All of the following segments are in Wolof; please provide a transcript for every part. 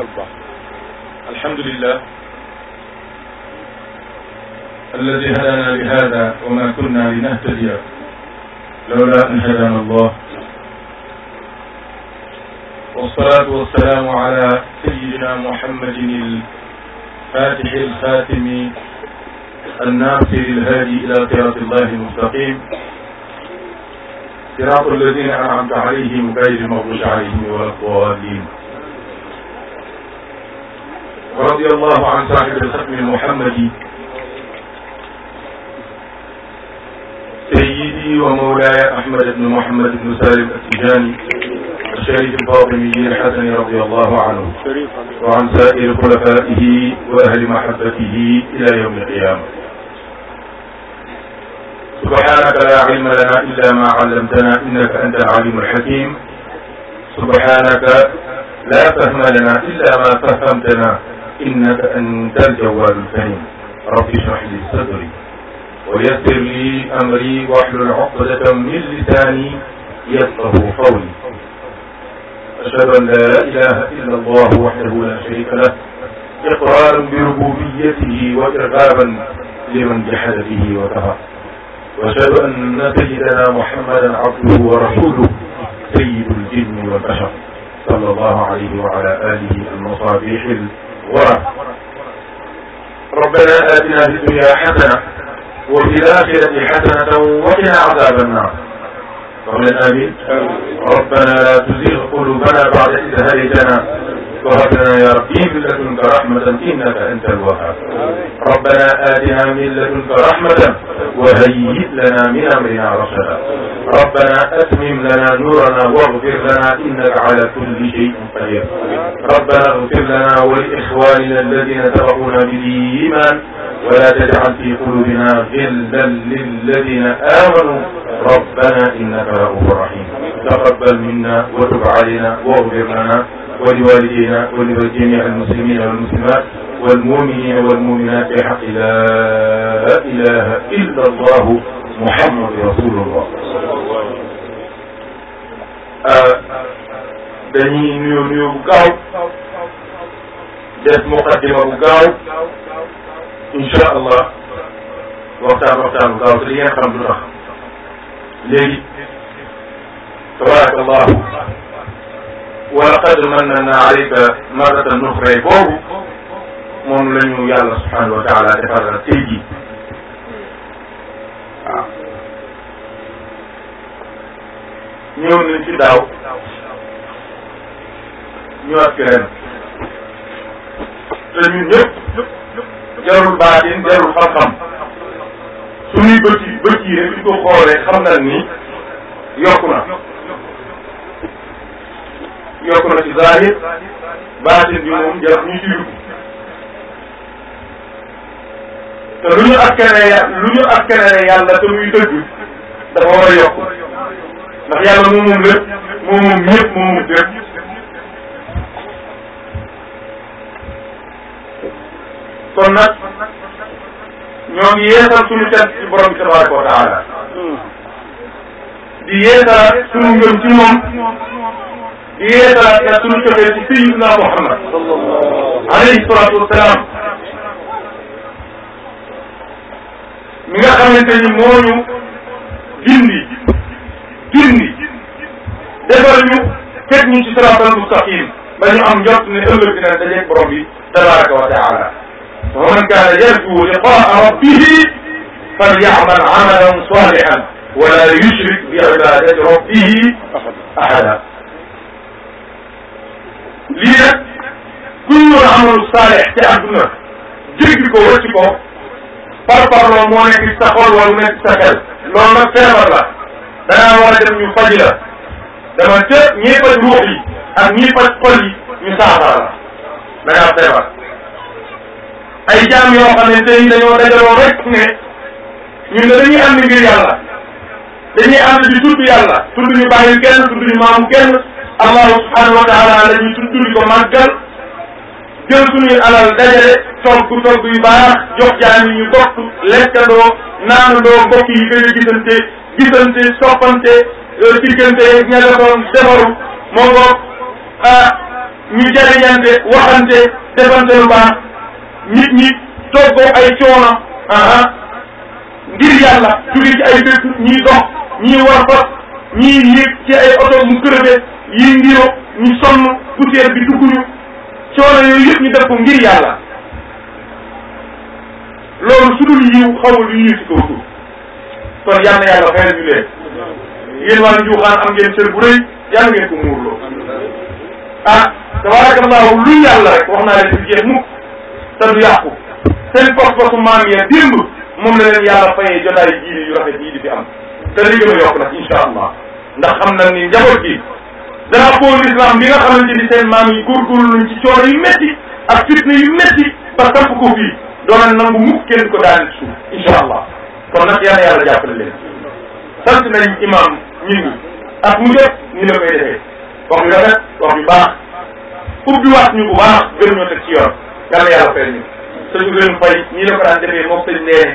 xool bu baax alhamdulilah alladi hadana li hada wa ma kunna linahtadiya lawla an hadana allah والصلاة والسلام على سيدنا محمد الفاتح الخاتم الناصر الهادي إلى صراط الله المستقيم صراط الذين أنعمت عليهم غير المغضوب عليهم ولا الضالين radiyallahu an saahibi al-xatmi al-muhammadi سيدي ومولاي أحمد بن محمد بن سالم التجاني الشريف الفاطمي الحسن رضي الله عنه وعن سائر خلفائه وأهل محبته إلى يوم القيامة سبحانك لا علم لنا إلا ما علمتنا إنك أنت العليم الحكيم سبحانك لا فهم لنا إلا ما فهمتنا innaka antal jawwaalul karim rabbi ishrah li sadri wa yassir li amri wahlul uqdatan min lisaani yafqahu qawli ashhadu an la ilaha illa allah wahdahu la sharika lah iqraaran bi rububiyatihi wa irgaaban liman jahada bihi wa kafar wa ashhadu anna sayyidana muhammadan abduhu wa rasuluhu sayyidul jinni wal bashar sallallahu alayhi wa ala alihi al masabih ورع ربنا آتنا في الدنيا حسنة وفي الآخرة حسنة وقنا عذاب النار قبل آمين ربنا لا تزيغ قلوبنا بعد إذ هديتنا وهب لنا يا ربي من لدنك رحمة إنك أنت الوهاب ربنا آتنا من لدنك رحمة وهيئ لنا من أمرنا رشدا ربنا أتمم لنا نورنا واغفر لنا إنك على كل شيء قدير ربنا اغفر لنا ولإخواننا الذين سبقونا بالإيمان ولا تجعل في قلوبنا غلا للذين آمنوا ربنا إنك رؤوف رحيم تقبل منا وتب علينا واغفر لنا ولوالدينا ولجميع المسلمين والمسلمات والمؤمنين والمؤمنات بحق لا إله إلا الله محمد رسول الله dañuy nuyu nuyu bu gaaw def muqaddima bu gaaw incha allah waxtaan waxtaan bu gaaw te di ngeen xam lu tax léegi tabaarakallahu wala qad mannana alayka maratan uxra boobu moom la ñu yàlla subhanahu wa taala defaral tey jii waaw ñëw nañ ci daaw ñëwaat ci ren te ñun ñëpp jarul baatin jarul xam-xam suñuy bët yi bët yi rek ko xoolee xam nañ ni yokku yokk na ci zahir baatin bi moom jaraf ñu ci dugg te lu ñu askanee lu ñu askanee yàlla te muy dëgg dafa war a yokk ndax yàlla moom moom lépp moom moom ñëpp moom moom lépp kon nag ñoo ngi yeesal suñu cant ci borom bi tabaraka wa taala hmm. di yeesal suñu ngëm ci moom yeesalaat nga sunu cofeel ci sayyidina Muhammad alayhi salaatu wasalaam mi nga xamante ni moo ñu gindi gindi defal ñu teg ñu ci siraatal mustaqim ba ñu am jot ne ëllëg dina dajeeg borom bi tabaraka wa taala wa man kaana yarju liqaa rabbihi falya'mal amalan salihan wa la yushrik bi ibadati rabbihi ahada lii nag kuñ mën a amal saalix ci àdduna jéggi ko wëcc ko par parloo moo nekk ci sa xol nekk ci sa xel loolu nag la danaa war a dem la dama ca ñiy faj ruux yi ak ñiy faj xol yi ñu saafara la ay jaam yoo xam ne tey dañoo dajaloo ne ñun de dañuy ànd ngir yàlla dañuy ànd di tudd yàlla tudd ñu bàyyi kenn tudd Allah subhanahu wa taala la ñuy tudd di ko màggal jël suñuy alal dajale togg togg yu baax jox jaam yi ñu bokk lekkandoo naanandoo mbokk yi gën a gisante gisante soppante euh, diggante ña nga doon defaru moo ngoog ah ñu jariñante waxante defante lu baax nit ñi ay coono ah ngir yàlla jóge ci ay dëkk ñiy dox ñiy war fas ñiy yéeg ci ay oto mu yi ngiro ñu sonn poussière bi dugg ñu yooyu yëpp ñu def ko ngir yàlla loolu su dul yiw xawul lu yiw si kaw suuf kon yal na yàlla fayal ñu leen yéen waa njuuxaan am ngeen sër bu rëy yàlla ngeen ko muurloo ah tabarakallahu lu yàlla rek wax naa leen du jeex mukk te du ya démb moom la leen yàlla fayee jotaay yu rafet yi di fi am te li gën a allah ndax xam na ni njaboot gi drapeau l'islam bi nga xamante ni seen maam yi góorgóorlu nañ ci coono yu métti ak fitna yu métti ba samp ko fii doonal nangu mukk kenn ko daan suuf incha allah kon nag yàlla yàlla jàppale leen sant nañ imam ñingu ak mu jot ni la koy defee wax yu rafet wax yu baax ubbiwaat ñu bu baax gën ñoo teg ci yoon yàlla yàlla fay ñu sëñ Ousseynou Faye ñii la ko daan defee moom sëñ Ndeye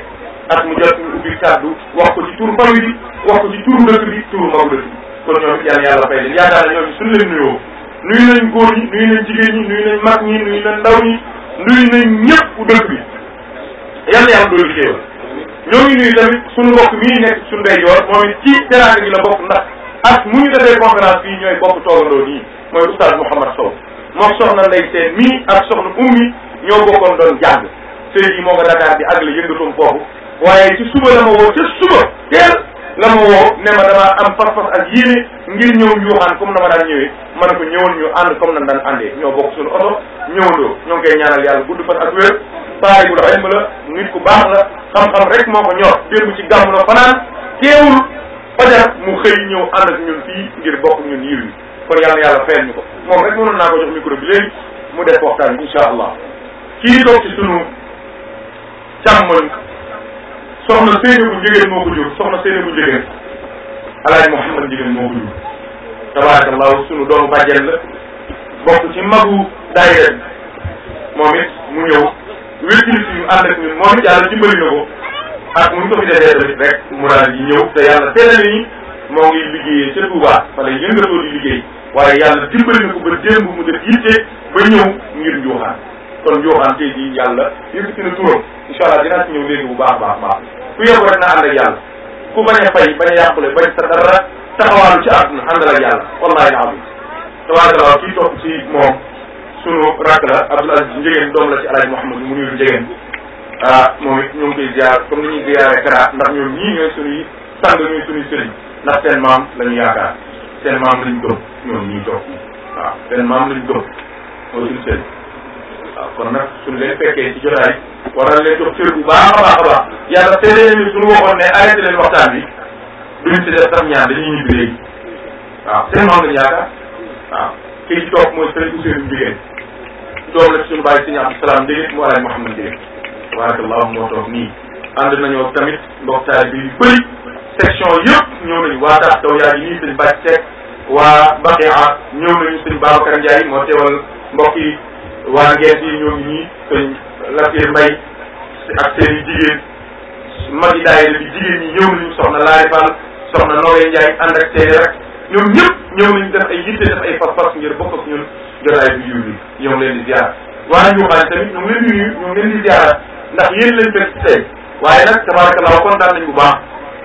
ak mu jot ñu ubbi kàddu wax ko ci turu famille bi wax ko ci turu dëkk bi turu maw dëkk bi kon ñoom it yàlla yàlla fay leen yaakaar na ñoom it suñ leen nuyoo nuyu nañ góor ñi nuyu nañ jigéen ñi nuyu nañ mag ñi nuyu nañ ndaw ñi nuyu nañ ñëpp dëkk bi yàlla yàlla doolu xéewal ñoo ngi nuyu tamit suñu mbokk mii nekk suñu ndeyjoor moom it ci teraanga gi la bokk ndax ak mu ñu defee conférence fii ñooy bokk toogandoo nii mooy oustaz Mouhamad Sow moom soxna Ndeye Sène mii ak soxna ummi ñoo bokkoon doon jàng sëy yi moo ko Dakar di àggale yëngatoom foofu waaye ci suba la ma woo ca suba teel la ma woo ne ma damaa am pas-pas ak yéene ngir ñëw yuuxaan comme na ma daan ñëwee ma ne ko ñu ànd comme nan daan àndee ñoo bokk suñu oto ñëwandoo ñoo ngi koy ñaanal yàlla gudd fan ak wér paay bu la xayma la nit ku baax la xam-xam rek moo ko ñor démb ci gàmm la fanaan teewul fajar mu xëy ñëw ànd ak ñun fii ngir bokk ñun yiw yi kon yàlla na yàlla fayal ñu ko moom rek mënoon naa ko jox micro bi léegi mu def waxtaan bi incha allah kii toog ci sunu càmmoñ soxna Seydou bu Njëgeen moo ko jur soxna Seydou bu Njëgeen alaaj Mouhamad Njëgeen moo ko jur tabarakallahu sunu doomu bàjjen la bokk ci magu daayira moom mu ñëw wéttili suñu ànd ak ñun moom it yàlla na ko ak mu ñu ko fi defee tamit mu daal di ñëw te yàlla teelal ni moo ngi liggéeyee ca Touba wala yëngatoo di liggéey waaye yàlla dimbali na ko ba démb mu def yitte ba ñëw ngir njuuxaan kon Diofane tey jii yàlla yëkkati na turam incha allah dinaa ci ñëw léegi bu baax baax baax ku yëngu rek na ànd ak yàlla ku bañ a fay bañ a yàqule bañ sa dara taxawaalu ci àdduna àndal ak yàlla wallaahi na am tabaarakallah moom sunu rakk la Abdoul Aziz Njegeen doom la ci El Hadj Mouhamed mu nuyu Njegeen ah moom it ñu ngi koy ziar comme ni ñuy ziaree Kara ndax ñoom ñii ñooy suñuy sang ñuy suñuy sëriñ ndax seen maam la ñu yaakaar seen maam lañ gëm ñoom ñuy toog waaw waaw kon nag suñ leen fekkee ci jotaay waral leen bu baax a baax a baax yàlla seedee ni suñu waxoon ne arrêté leen waxtaan bi duñ ci def sax ñaan dañuy ñibbi léegi waaw seen moom lañ yaakaar waaw kii ci toog mooy sëriñ Ousseynou Ndieguène la ci suñu bàyyi sëriñ Abdou Salaam Ndieguène mu alaaj Mouhamed Ndieguène tabarakallahu moo toog nii ànd nañoo tamit mbokk taal bi yu bëri section yëpp ñëw nañu waa tax taw yaa ngi nii sëñ Bac Seck waa Mbaqia ñëw nañu sëñ Babacar Ndiaye moo teewal mbokk yi waa ngees yi ñoom ñii sëñ Latir Mbaye ak seen i jigéen magi daayira bi jigéen ñi ñëw nañu soxna Laari Fall soxna Noé Ndiaye ànd ak seen rek ñoom ñëpp ñëw nañu def ay yitte def ay pas-pas ngir bokk ak ñun jotaay bi yiw bi ñoom leen di ziar waa Ndioufane tamit ñoom leen di nuyu ñoom leen di a ndax yéen lañ fekk ci tey waaye nag tabarakallah kontaan nañ bu baax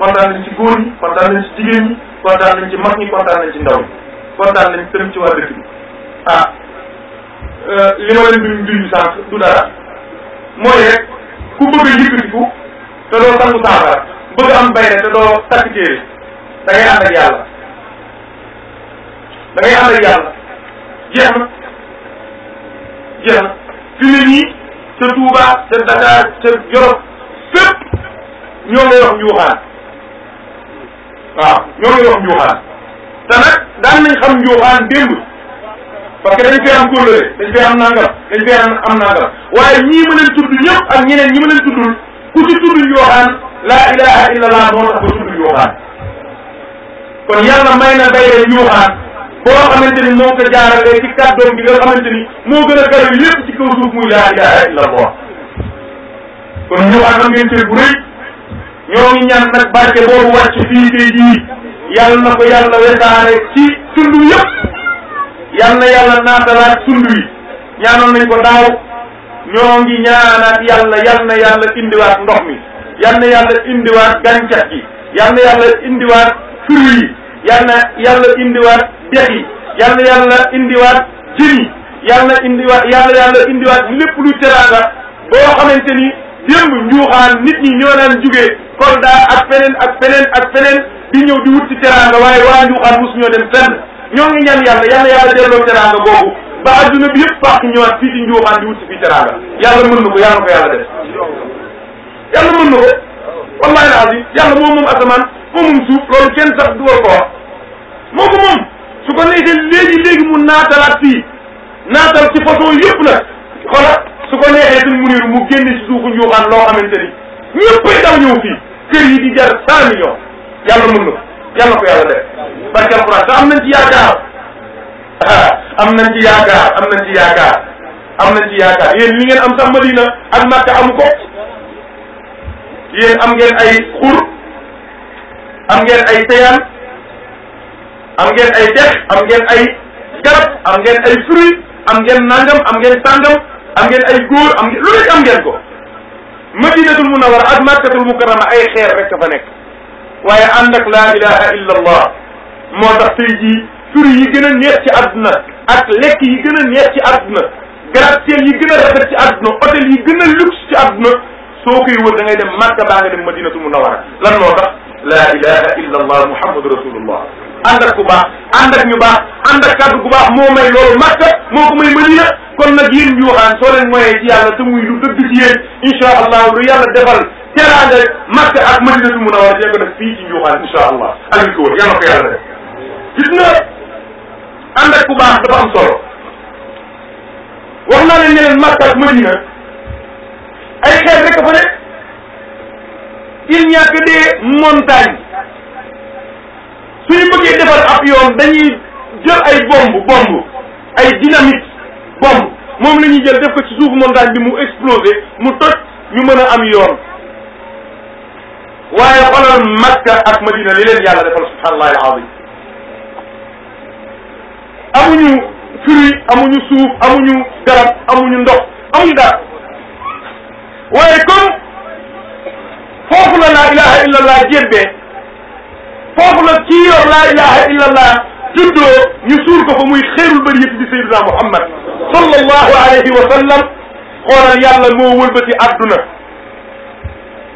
kontaan nañ ci góor ñi kontaan nañ ci jigéen ñi kontaan nañ ci mag ñi kontaan nañ ci ndaw ñi kontaan nañ tamit ci wa dëkk bi ah Euh, li ma leen duñ duñu sànq du dara mooy rek ku bëgg a yëkkatiku te doo sangu saafara bëgg am bayre te doo takk téere da ngay ànd ak yàlla da ngay ànd ak yàlla jeex na jeex na fi ne nii ca Touba ca Dakar ca Jolof fépp ñoo ngay wax njuuxaan waaw ñoo ngay wax njuuxaan te nag daan nañ xam njuuxaan parce que dañ am kóllëre dañ am nangam dañ am am nangam waaye ñii ma leen tudd ñëpp ak ñeneen ñi ma ku ci tudd yooxaan laa ilaha illa allah moo tax ba tudd yooxaan kon yàlla may na bayre yooxaan boo xamante ni moo ko jaaralee ci kàddoom bi nga xamante ni moo gën a garaw lépp ci kaw suuf muy laa ilaha illa allah kon yooxaan am ngeen cër bu rëy ñoo ngi ñaan nag barke boobu wàcc fii tey jii yàlla na ko yal na yàlla naatalaat tund wi ñaanoon nañ ko daaw ñoo ngi ñaanaat yàlla yal na yàlla indiwaat ndox mi yal yàlla indiwaat gàncax gi yal na yàlla indiwaat fur yi yal na yàlla indiwaat dex yi yal na yàlla indiwaat jën yi yal na indiwaat yàlla yàlla indiwaat lépp lu teraanga boo xamante ni démb njuuxaan nit ñi ñoo naan jugee Kolda ak feneen ak feneen ak feneen di ñëw di wut ci teraanga waaye waa njuuxaan mosu ñoo dem fenn ñoo ngi ñaan yàlla yàlla yàlla delloo teraanga boobu ba adduna bi yëpp baax ñëwaat fii ci njuumaan di wut si fii teraanga yàlla mën na ko yàlla ko yàlla def yàlla mën na ko wallahi laasi yàlla moom moom asamaan moom moom suuf loolu kenn sax du war ko wax moo ko moom su ko neexee léegi léegi mu naatalaat fii naatal ci façon yëpp nag xoola su ko neexee suñ muniru mu génne ci suufu njuumaan loo xamante ni ñëppay daw ñëw fii kër yi di jar cent millions yàlla mën na ko yàlla ko yàlla def barke alquran te am nañ ci yaakaar am nañ ci yaakaar am nañ ci am nañ ci yaakaar li ngeen am sax Madina ak Makka amu ko yéen am ngeen ay xur am ngeen ay teyaan am ngeen ay dex am ngeen ay garab am ngeen ay fruit am ngeen nangam am ngeen sàngam am ngeen ay góor am ngeen lu nekk am ngeen ko Madinatul Munawwara ak Makkatul Mukarrama ay xeer rek ka fa nekk waaye ànd ak la ilaha illa allah moo tax tey jii tur yi gën a neex ci àdduna ak lekk yi gën a neex ci àdduna gratte-ciel gën a rafet ci àdduna hôtel yi gën a luxe ci àdduna soo koy wër da ngay dem Makka baa nga dem Madinatul Munawwara lan moo tax la ilaha illa allah muhammadu rasulullah ànd ak ku baax ànd ak ñu baax ànd ak kàddu gu baax moo may loolu Makka moo ko may kon nag yéen ñu waxaan soo leen moyee ci yàlla te muy lu dëgg ci yéen incha allah lu yàlla defal teraanga Makka ak Madina tu mun a war a def fii ci Njuuxaan incha allah ak li ko wër yàlla ko yàlla def gis nga ànd ak ku baax dafa am solo wax naa leen ne leen Makka ak Madina ay xeet rek fa ne il n'y a ab yoon dañuy jël ay bomb bomb ay dynamite bomb moom la ñuy jël def ko ci suufu montagne bi mu explosé mu toj ñu mën a am yoon waaye xoolal Makka ak Madina li leen yàlla defal subhanallahi alazim amuñu fruit amuñu suuf amuñu garab amuñu ndox amuñu dara waaye comme foofu la laa ilaha illallah jébbee foofu nag kii yor laa ilaha illa juddoo ñu suur ko fa muy xeerul bëri yëpp di sayyidina muhammad sallallahu alayhi wa xoolal yàlla moo wëlbati adduna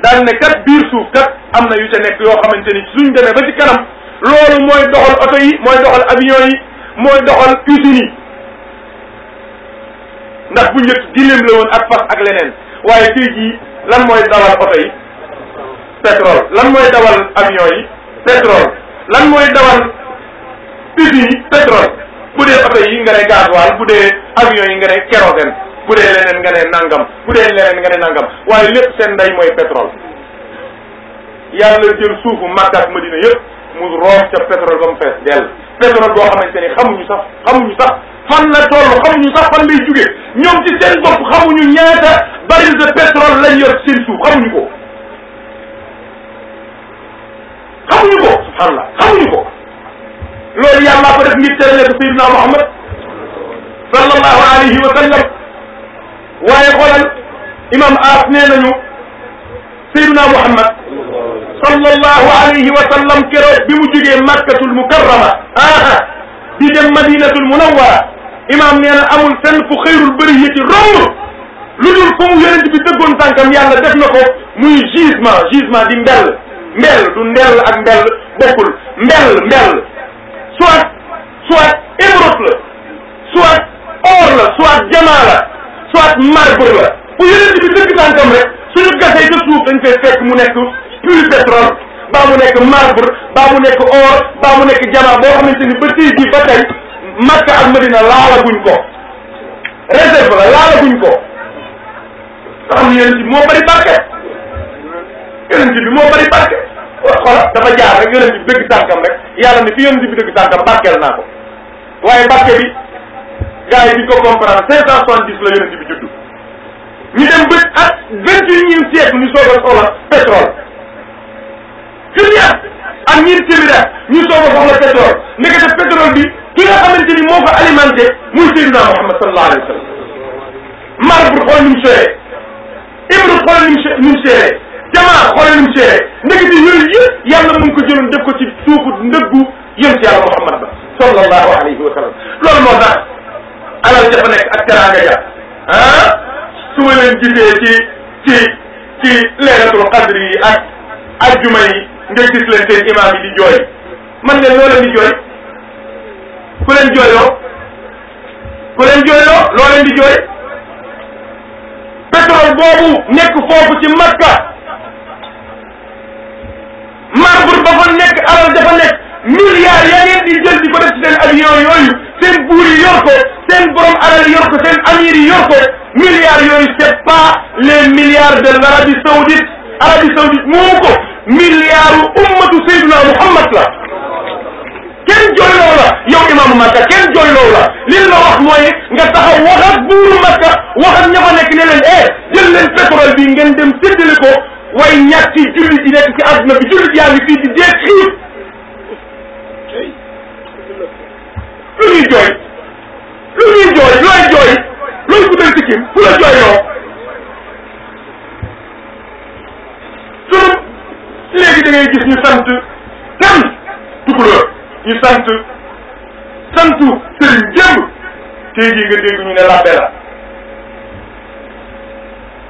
daan ne kat biir suuf kat am na yu ca nekk yoo xamante ni suñ demee ba ci kanam loolu mooy doxal oto yi mooy doxal avion yi mooy doxal usines yi ndax bu njëkk gileem la woon ak fas ak leneen waaye tey jii lan mooy dawal oto yi pétrole lan mooy dawal avion yi pétrole lan mooy dawal usines yi pétrole bu dee oto yi nga ne gasoil bu dee avion yi nga ne kérosène bu dee leneen nga nangam bu dee leneen nga nangam waaye lépp seen ndey mooy pétrole yàlla jël suufu Makka ma Madina yëpp mu roof ca pétrole ba mu fees dell pétrole boo xamante ni xamuñu sax xamuñu sax fan la toll xamuñu sax fan lay jugee ñoom ci seen bopp xamuñu ñaata baril de pétrole lañ yor seen suuf xamuñu ko xamuñu ko allah xamuñu ko loolu yàllaa ko def ngir terale ko Seydina Muhammad sallallahu alayhi wa sallam waaye xoolal imam As nee nañu Seydina Muhammad sallallahu alayhi wa sallam keroog bi mu jógee Makkatul Mukarrama aha di dem Madinatul Munawwara imam nee na amul fenn fu xayrul bariyati romb lu dul fu mu yonent bi dëggoon tànkam yàlla def na ko muy gisement gisement di mbell mbell du ndell ak mbell bokkul mbell mbell soit soit émeraude la soit or la soit jamaa la soit marbre la bu yeneen bi dëgg tànkam rek suñu suuf dañ fay fekk mu nekk pur pétrole baa mu nekk marbre baa mu nekk or baa mu nekk jamaa boo xamante ni ba tey ba tey Makka ak Madina laalaguñ ko réserve la laalaguñ ko xam yéen moo bari barke yonent moo bari barke xoolal dafa jaar rek yonent bi dëgg rek yàlla ne fi yonent bi dëgg tànkam barkeel naa ko waaye bi gars yi ko comprendre cinq cent soixante-dix la yonent bi juddu ñu dem ba ak vingt et unième siècle ñu soog a soxla pétrole junni at ak ñeent téeméeri at ñu soog a soxla pétrole nekkate pétrole bi ki nga xamante ni moo ko alimenté muy Muhammad sallallahu alayhi wa sallam marbre xool ni mu seeree ibru xool ni mu jamaa xoolal mu seere ndekete yooyu yëpp yàlla mu ngi ko jëloon def ko ci suufu ndëggu yéen ci yàlla Muhammad ba sallallahu alayhi wa sallam loolu moo tax alal dafa nekk ak teraanga ja ah su ma leen gisee ci ci ci leeratul yi ak ajjuma yi nga gis leen man de loo leen di jooy ku leen jooyoo ku leen jooyoo loo leen di jooy pétrole boobu nekk foofu marbre ba fa nekk alal dafa nekk milliards ya ngeen di jël ko def seen avion yooyu seen buur yi seen borom alal yor seen amir yi yor yooyu c'est pas les milliards de l'Arabie saoudite Arabie saoudite ko milliards ummatu Seydina Muhammad la kenn jooyloo la yow imaamu Makka kenn jooyloo la li la wax mooy nga taxaw waxat buuru Makka waxat ña fa nekk ne leen eh jël leen pétrole bi ngeen dem séddale ko way ñàkk ci jullit yi nekk ci àdduna bi jullit yaa ngi fii di dee xiif lu ñuy jooy lu ñuy jooy looy jooy looy guddal si kim fu la jooy loo sunu léegi da ngay gis ñu sant kan tukulóor ñu sant santu sëriñ jëmb tey jii nga dégg ñu ne làbbe la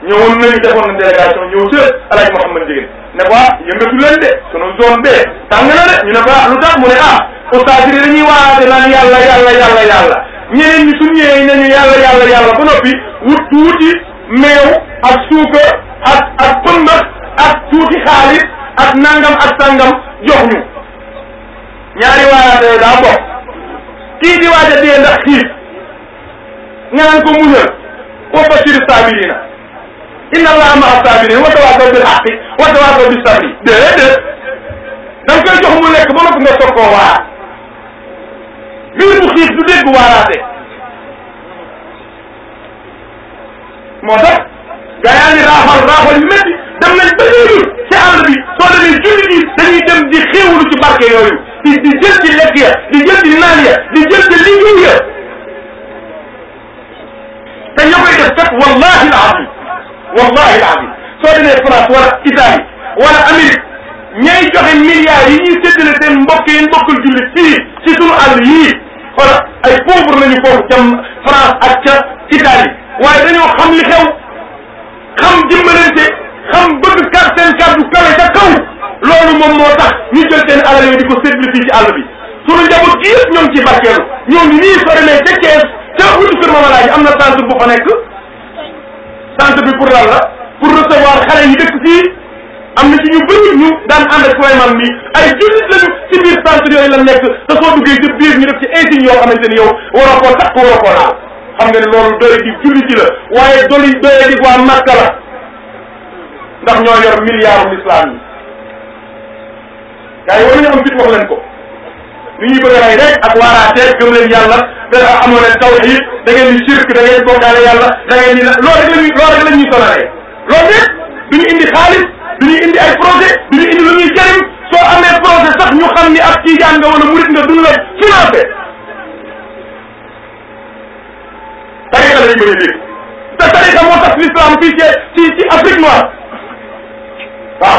ñëwoon nañu defoon na délégation ñëw ca El Hadj Mouhamad ko ah yëngatu leen de sunu zone B tàng na de ñu ne ko ah lu tax mu ne ah oustaz yi dañuy waate naan yàlla yàlla yàlla yàlla ñeneen ñi suñu ñëwee nañu yàlla yàlla yàlla ba noppi wut tuuti meew ak suukar ak ak pëmbax ak tuuti xaalis ak nangam ak sangam jox ñu ñaari waaraate daa bokk kii di waaj a dee ndax xiif nga naan ko muñal wa bashiri saabirina inna allaha ma'a sabirin wa tawaasaw bil haqqi wa tawaasaw bis sabri da nga koy jox mu lekk ba noppi nga soog koo waar biir bu xiif du dégg waaraate moo tax gaa yaa ngi raaxal raaxal yu métti dem nañ ba léegi ci àll bi soo demee jullit yi dañuy dem di xéewlu ci barke yooyu di di jël lekk ya di jël ci di jël ci liggéey ya te ña koy wallahi al azim wallahi alazim soo demee France wala Italie wala Amérique ñay joxe milliards yi ñuy séddale seen mbokk yi mbokkul jullit fii ci sunu àll yii wala ay pauvre lañu foofu ca France ak ca Italie waaye dañoo xam li xew xam jëmbalante xam bëgg kar seen kàddu kawe ca kaw loolu moom moo tax ñu jël leen alal di ko séddale fii ci àll bi sunu njaboot gi yëpp ñoo ngi ciy barkeelu ñoo ngi nii soo demee ca Thiès ca wutu kër Mamalaaji am na centre bu fa centre bi pour lan la pour recevoir xale yi dëkk fii am na ci ñu bëri ñu daan ànd ak Souleymane bi ay jullit lañu ci biir centre yooyu la nekk te soo duggee ci biir ñu def ci insigne yoo xamante ni yow waroo koo takk waroo ko laal xam ne loolu doye di jullit yi la waaye doli doye di waa Makka la ndax ñoo yor milliardu l'islam yi gars yi war nañu fit wax leen ko li ñuy bëgg a rey rek ak waaraatee gëm leen yàlla da amoo leen tawhid da di shirk da ngeen bokkaale yàlla da di loolu rek la ñuy loolu rek la ñuy sonalee loolu rek du ñu indi xaalis du ñu indi ay projet du ñu indi lu ñuy jëriñ soo amee projet sax ñu xam ni ab tijaan nga wala murit nga duñ la financé tariqa lañ bëri lii te tariqa moo tax l'islam fii ci ci ci Afrique noire waaw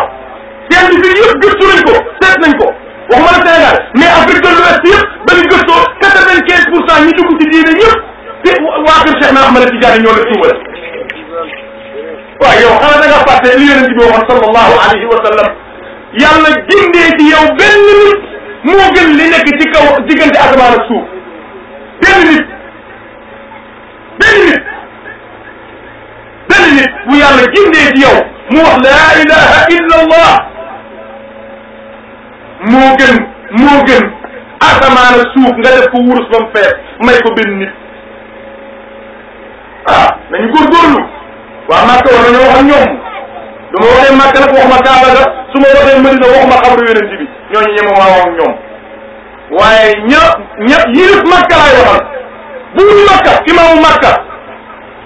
seen bi fi yëpp gëstu nañ ko seet nañ ko waxuma la Sénégal mais Afrique de l'Ouest yëpp ba ñu gëstoo quatre-vingt-quinze pour cent ñi dugg ci diine ñëpp te waa kër Cheikh na Ahmada Tidiane ñoo la tuubal waaw yow xanaa da nga fàtte li yonent bi waxoon sallallahu alayhi wa sallam yàlla gindee ci yow benn nit moo gën li nekk ci kaw diggante asamaan ak suuf benn nit benn nit benn nit bu yàlla gindee ci yow mu wax la ilaha illa moo gën moo gën asamaan ak suuf nga def ko wurus ba mu fees may ko benn nit ah nañu góorgóorlu waa Màkka war nañoo wax ak ñoom du ma ga su ma waxee Madina waxuma xabru Yonent bi ñooñu ñeme waa wax ak ñoom waaye ña ña yilif Màkka laay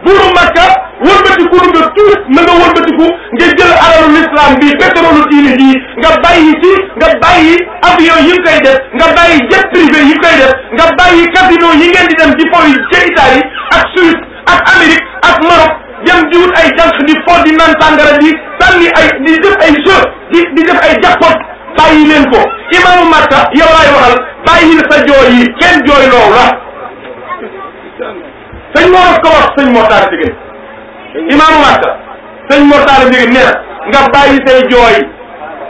buuru Makka wëlbatiku nga tuut na nga wëlbatiku nga jël alalu l'islam bi pétrole diine bii nga bàyyi ci nga bàyyi avion yi def nga bàyyi jet privé yi def nga bàyyi casino yi ngeen di dem di foy ca ak Suisse ak Amérique ak Maroc dem di ay jànq di fo di naan tàngara di sànni ay di def ay jeu di def ay jackpot bàyyi leen ko imaamu Makka yow laay waxal bàyyi sa jooy yi kenn jooy loow sëñ Mor ko wax sëñ Mor Talla Ndieguene imaamu Massa sëñ Mor Talla nee nga bàyyi say jooy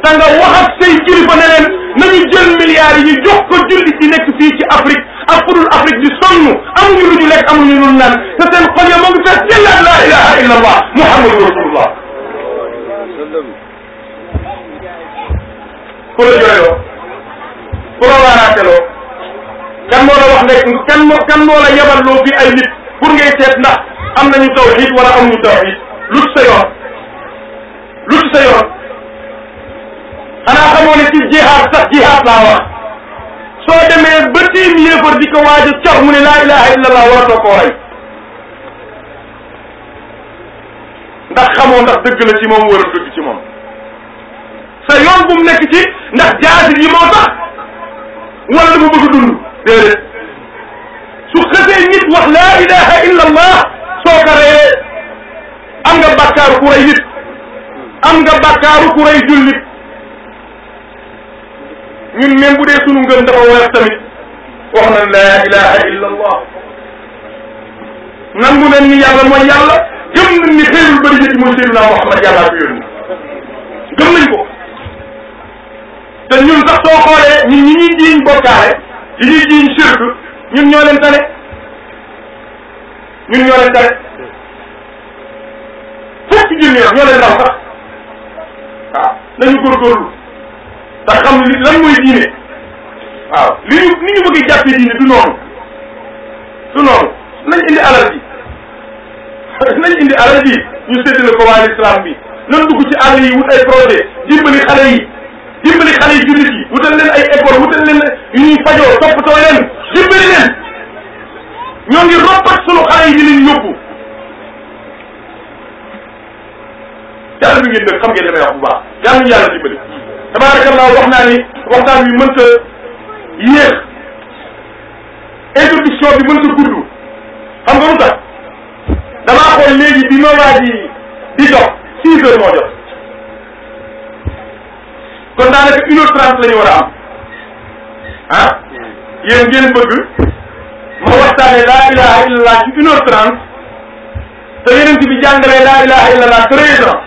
te nga wax say kilifa ne leen nañu jël milliards yi ñu jox ko nekk fii ci Afrique ak fudul Afrique di sonn amuñu lu ñu lekk amuñu lu ñu naan te seen xol ya moo ngi fees la ilaha illa allah muhammadu rasulullah ku la jooyloo ku la waaraateloo kan moo kan moo la yaballoo fii ay nit pour ngay seet ndax am nañu tawhid wala amuñu tawhid lu ci sa yoon lu sa yoon xanaa xamoo ne ci jihaad sax jihaad laa wax soo demee ba tiim yéefar di ko waaj a cox mu ne laa ilaha illallah waratoo koo rey ndax xamoo ndax dëgg la ci moom wala dëgg ci moom sa yoon bu mu nekk ci ndax jaasi yi moo tax wala lu mu bëgg dund déedéet wax laa ilaha illa allah soo ko am nga bàkkaaru ku rey am nga bàkkaaru ku jullit ñun même bu dee sunu ngëm dafa woyof tamit wax na laa ilaha illa allah nangu nañ ni yàlla mooy yàlla gëm nañ ni xeerul bëri nit mooy Seydina Muhammad yàllaa ko yónni gëm nañ ko te ñun sax soo xoolee ñun ñi ñuy jiiñ bokkaale yi ñuy jiiñ sirk ñun ñoo leen tane ñun ñoo leen tere fukki junni ñoo leen raw sax waaw nañu góorgóorlu te xam li lan mooy diine waaw li ñu ni ñu bëgg jàppee diine du noonu du noonu nañ indi alal bi nañ indi alal bi ñu séddale ko waa islam bi nan dugg ci àll yi wut ay projet dimbali xale yi dimbali xale yi jullit yi wutal leen ay école wutal leen ñuy fajoo toppatoo leen dimbali leen ñoo ngi roppat sunu xale yi di leen yóbbu yàlla bi ngeen dëgg xam ngeen li may wax bu baax yàlla ñu yàlla dimbali tabaarakallaa wax naa ni waxtaan bi mënta yéex introduction bi mënta gudd xam nga lu tax damaa xool léegi bi ma waa ji di jox six heures moo jot kon daanaka une heure trente la ñu war a am ah yéen ngeen bëgg ma waxtaane ilaha illallah ci une heure trente te yeneen bi jàngalee ilaha illallah treize ans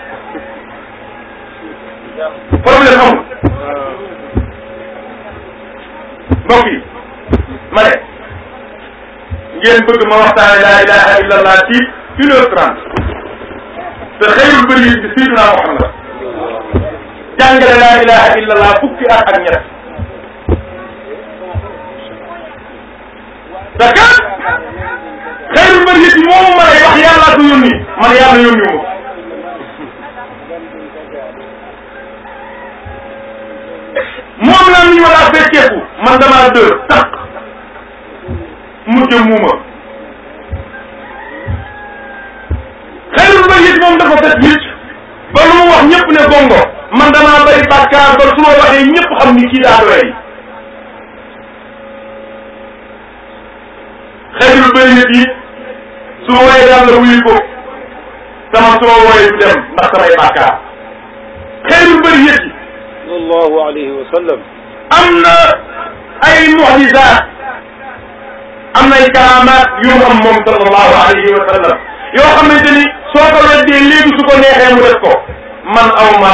problème amul mbokk yi ma ne ngeen bëgg ilaha illallah ci une heure trente te xëyul bëri bi Seydina Muhammad jàngale laa ilaha illallah fukki at ak parce que xayrul bariyati moomu ma lay wax yàllaa ko yónni man yàlla yónni moom moom laa ni ñu war a becceeku man damaa dër tax mujj muuma xayrul bariyati moom dafa set wicc ba lu mu wax ñëpp ne gongo man damaa bari bàkkaar ba su ma waxee ñëpp xam ni kii daa doy xajul bëri nit su ma wooyee yàlla wuyu ko su ma wooyee du dem ndax samay bàkkaar xayrul bëri yëpp yi. sallallahu alayhi wa sallam. am na ay mu'jizaat am nay karaamaat yu mu am moom sallallahu alayhi wa sallam yoo xamante ni soo ko weddee léegi su ko neexee mu def ko man aw ma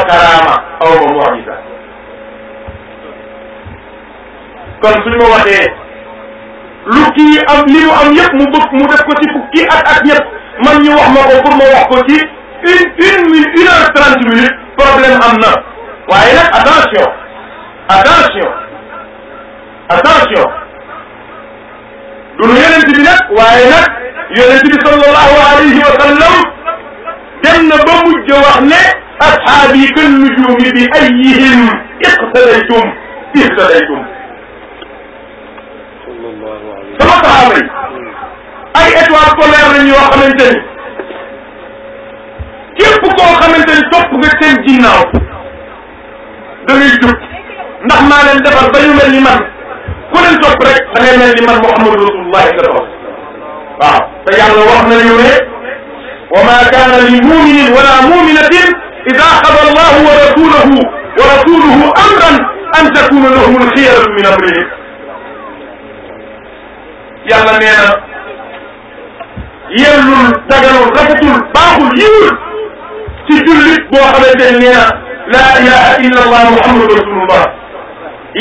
lu kii am li mu am yëpp mu bëgg mu def ko ci fukki at ak ñëpp man ñu wax ma ko pour ma wax ko ci une une minute une heure trente minutes problème am na waaye nag attention attention attention du nu yonent bi nag waaye nag yonent bi sallallahu alayhi wa sallam dem na ba mujj wax ne ashaabi kan nujumi bi ayyihim iqtadaytum iqtadaytum sama saxaaba yi ay étoiles polaires lañ yoo xamante ni képp koo xamante ni topp nga seen ginnaaw da ngay jub ndax maa leen defar ba ñu mel ni man ku leen topp rek da ngay mel ni man Muhammadu Rasulullahi nga topp waaw te yàlla wax nañu ne wa ma kaana li muminin wala muminatin ida qada allahu wa rasuluhu wa rasuluhu amran an takuna lahum alxiyaratu min amrihim yàlla nee na yellul daganul rafetul baaxul yiwul ci jullit boo xamante ne nee na laa illa allah muhammadu rasulullah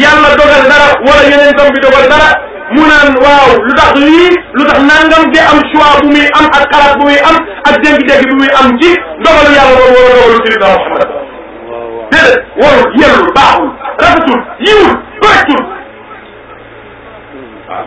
yàlla dogal dara wala yeneen tam bi dogal dara mu naan waaw lu tax lii lu tax nangam di am choix bu muy am ak xalaat bu am ak jékki-jékki bu muy am ci dogalu yàlla boobu wala dogalu sayyidina muhammad déedéet warul yellul baaxul rafetul yiwul correctul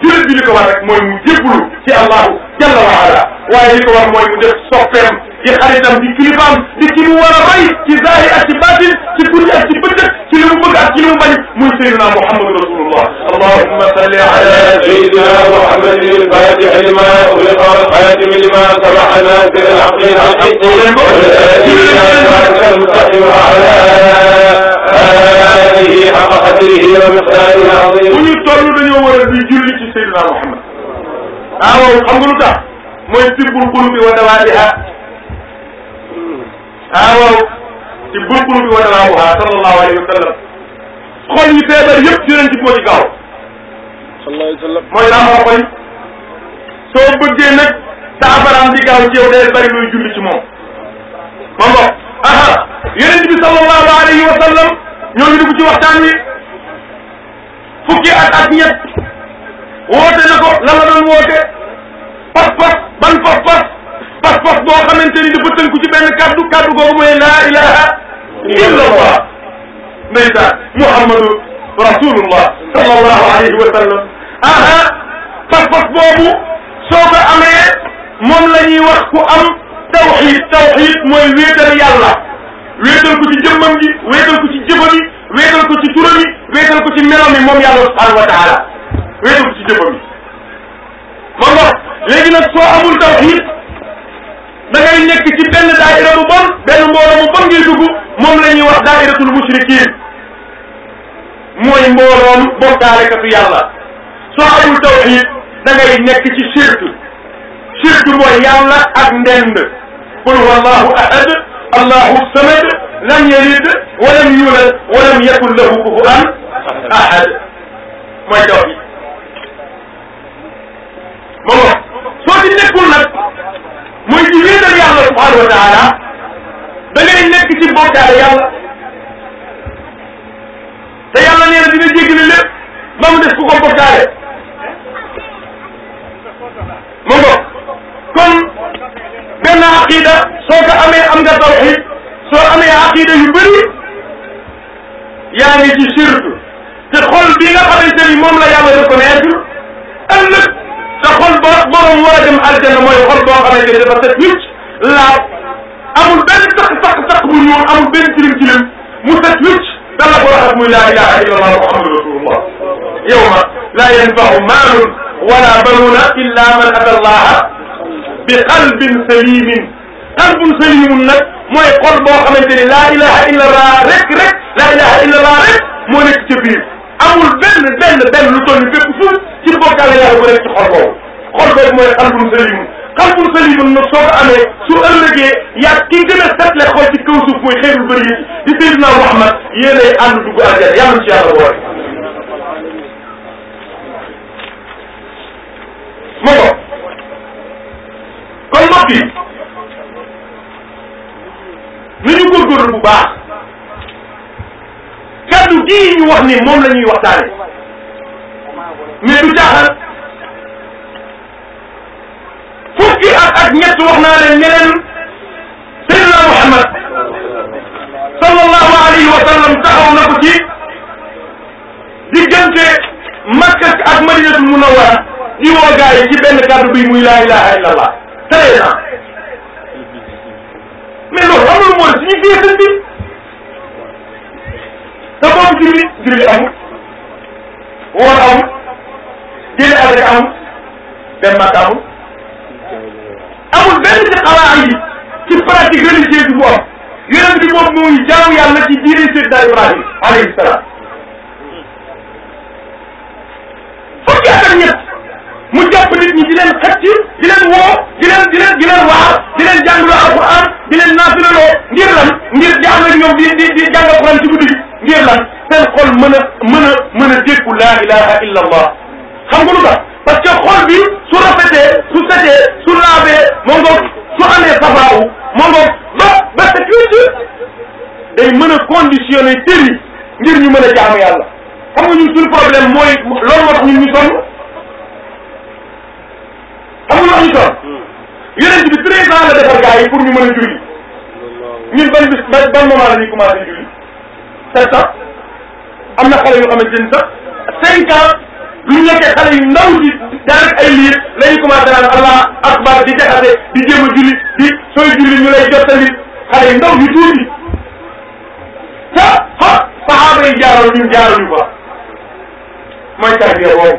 jullit bi li ko war rek mooy mu jébbalu ci allahu jalla wa ala waaye li ko war mooy mu def soppeem di xaritam di kilifaam di ki mu war a roy ci zaahir ak ci baatin ci guddi ak ci bëccëg ci li mu bëgg ak ci li mu bañ muy sayyidina muhammadu rasulullah allahumma salli ala sayyidina muhammadin al-fatihi lima ughliqa wal-khatimi lima sabaqa nasir al-haqqi al-haqqi wal-hadi ila siratika al-mustaqim ala alihi haqqa qadrihi wa miqdarihi al-azim waral di julli ci Seydina Muhammad ah waaw xam nga lu tax mooy tibbul qulubi wa dawaaiha ah waaw tibbul qulubi wa dawaaha sallallahu alayhi wa sallam xol yi feebar yëpp dinañ ci moo ci gaaw. sallallahu alayhi wa sallam mooy daa moo xol soo bëggee nag saafaraam di gaaw ci yow day bari luy julli ci moom ma mbokk aha yonent bi sallallahu alayhi wa sallam ñoo ngi dugg ci waxtaan wi fukki at ak ñett woote na ko lan la doon woote pas-pas ban pas-pas pas-pas boo xamante ni dafa tënku ci benn kaddu kaddu googu mooy laa ilaha illa allah ndeysaan muhammadu rasulullah sallallahu alayhi wa sallam aha pas-pas boobu soo ko amee moom la wax ku am tawxid tawxid mooy wéetal yàlla wéetal ko ci jëmmam ji wéetal ko ci jëfa bi wéetal ko ci turam yi wéetal ko ci melam yi moom yàlla subhanahu wa wéeru ci jëfam yi moom wax nag soo amul tawxiid da ngay nekk ci benn daaira bu bon benn mbooloo bu bon ngay dugg la ñuy wax daairatul mushrikiin mooy mbooloom bokkaalekatu yàlla soo amul tawxiid da ngay nekk ci shirk shirk mooy yàlla ak ndend qul ahad allahu samad lam yalid walam yulad walam yakun lahu kufuwan ahad mooy tawxiid ba mu soo ci nekkul nag mooy ci wéetal yàlla subhanahu wa taala da nekk ci bokkaale yàlla te yàlla nee dina jéggale lépp ba mu des ku ko bokkaale ma ngo kon benn aqida soo ko amee am nga tawxid soo amee aqida yu bëri yaa ci surtout te xol bi nga xamante ni moom la yàlla reconnaître ëllëg te xol ba borom war a dem aljana mooy xol boo xamante ne dafa set wicc laaj amul benn sax sax sax bu ñuul amul benn tilim tilim mu set wicc dala ko raxas muy laa ilaha illa allah muhammadu rasulullah yow ma laa yanfahu maalun wala banuuna illa man ata allaha bi qalbin salimin qalbun salimun nag mooy xol boo xamante ne laa ilaha illa allah rek rek laa ilaha illa allah rek moo nekk ca biir amul benn benn benn lu toll ni bépp ci bokkaale yàlla ba nekk ci xol boobu xol boobu mooy xalbun salimun xalbun salimun nag soo amee su ëllëgee yaa ki gën a setle xol ci kaw suuf mooy xeyrul bëri di Seydina Muhammad yéenay ànd dugg àjjana yàlla ci yàlla boole ma ko kon noppi nañu góorgóorlu bu baax kaddu gii ñu wax ni moom la ñuy waxtaane mais du caaxaan fukki at ak ñett wax naa leen ne leen Seydina Muhammad sallallahu alayhi wa sallam taxaw na ko ci diggante ak Madinatul Munawwara di woo gaa yi ci benn kaddu muy laa ilaha illa allah treize ans mais loolu amul moo signifié sëñ te boobu julli julli amul woor amul jëli azaka amul dem màkk amul amul benn ci xalaat yi ci pratique religieuse bu am yonent bi moom mooy jaamu yàlla ci diine Seydina Ibrahima alayhi salaam fukki at ak mu jàpp nit ñi di leen xëcc di leen woo di leen di leen di leen waar di leen jàngloo alquran di leen naafiloo ngir lan ngir jàng ak ñoom di di di jàng alquran ci guddi ngir lan seen xol mën a mën a mën a dékku laa ilaha illa allah xam nga lu tax parce que xol bi su rafetee su setee su laabee moo ngoog su amee safaawu moo ngoog ba ba sa cuuti day mën a conditionné tëri ngir ñu mën a jaamu yàlla xam nga ñun suñu problème mooy loolu moo tax ñun ñu sonn amuñu na soor yonent bi treize ans pour ñu mën a julli ñun ban am na xale yoo xamante ni sax cinq ans lu ñu nekkee xale yu ndaw ci daanaka ay liir la ñuy commencé allah akbar di jaxase di jéem a julli di sooy julli ñu lay jot tamit xale yu ndaw yu tuuti te xam saxaaba yi jaaroon ñun jaaroon ñu fa mooy tarbiya boobu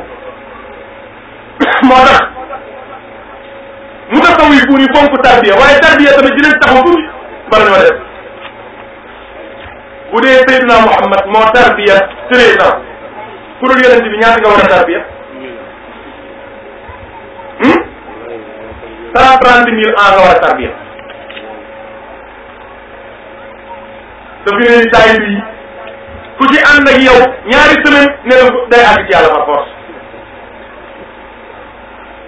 moo tax mu nga taw yi buur yi fonk tarbiya waaye tarbiya tamit dinañ taxaw tuuti bala ñoo def bu Muhammad moo tarbiya treize ans ku dul yonent bi ñaata nga war a tarbiya hmm? cent trente mille ans nga war a tarbiya te fi ne taay bii ku ci ànd ak yow ñaari ne la day àgg ci yàlla par force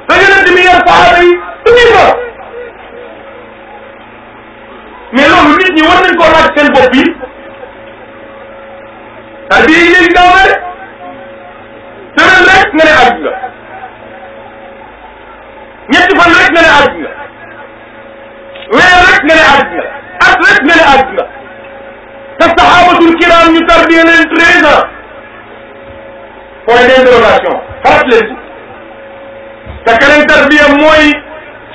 te yonent bi yar indi nga mais loolu nit ñi war nañ koo laaj seen bopp yi ah bii léegi nga ne àgg nga ñetti nga ne àgg nga weer rek nga ne àgg nga at rek nga ne àgg nga te saxaabatul kiraam ñu tardé leen treize ans point d'interrogation xalaat leen ci te keneen tarbiya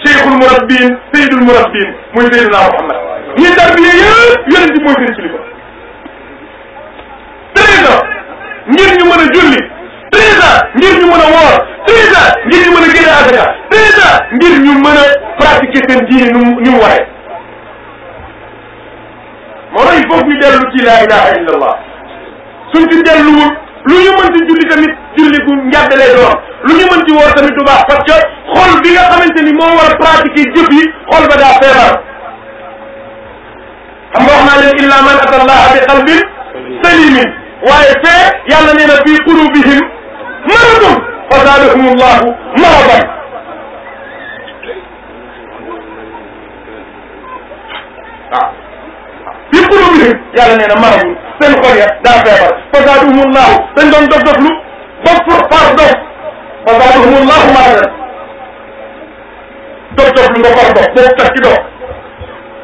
cheikhul murabbiin sayyidul murabbiin muy sayyidina Muhammad ñi tarbiya yëpp yonent bi mooy seen kilifa. treize ans ngir ñu a julli treize ans ngir ñu mën a woor treize ans ngir ñu a génne asaka treize ans ngir ñu a pratiquer seen diine ni mu ni mu waree. moo tax il faut ilaha illallah suñ ci delluwul. lu ñu mënti julli tamit julli gu njàdd lay doon lu ñu mënti woor tamit du baax parce que xol bi nga xamante ni moo war a pratiquer jëf yi xol ba daa feebar xam nga wax naa leen illa man ata allaha bi qalbin salimin waaye fee yàlla nee na fii qulubihim maradun fa zaadahum allahu maradan waaw ah. lépp loo mën yàlla nee na marabu seen xol ya daa feebar fasaadahum llahu dañ doon dof doflu dof pour far dof fasaadahum llahu maradan dof doflu nga far dof boobu tax ci dof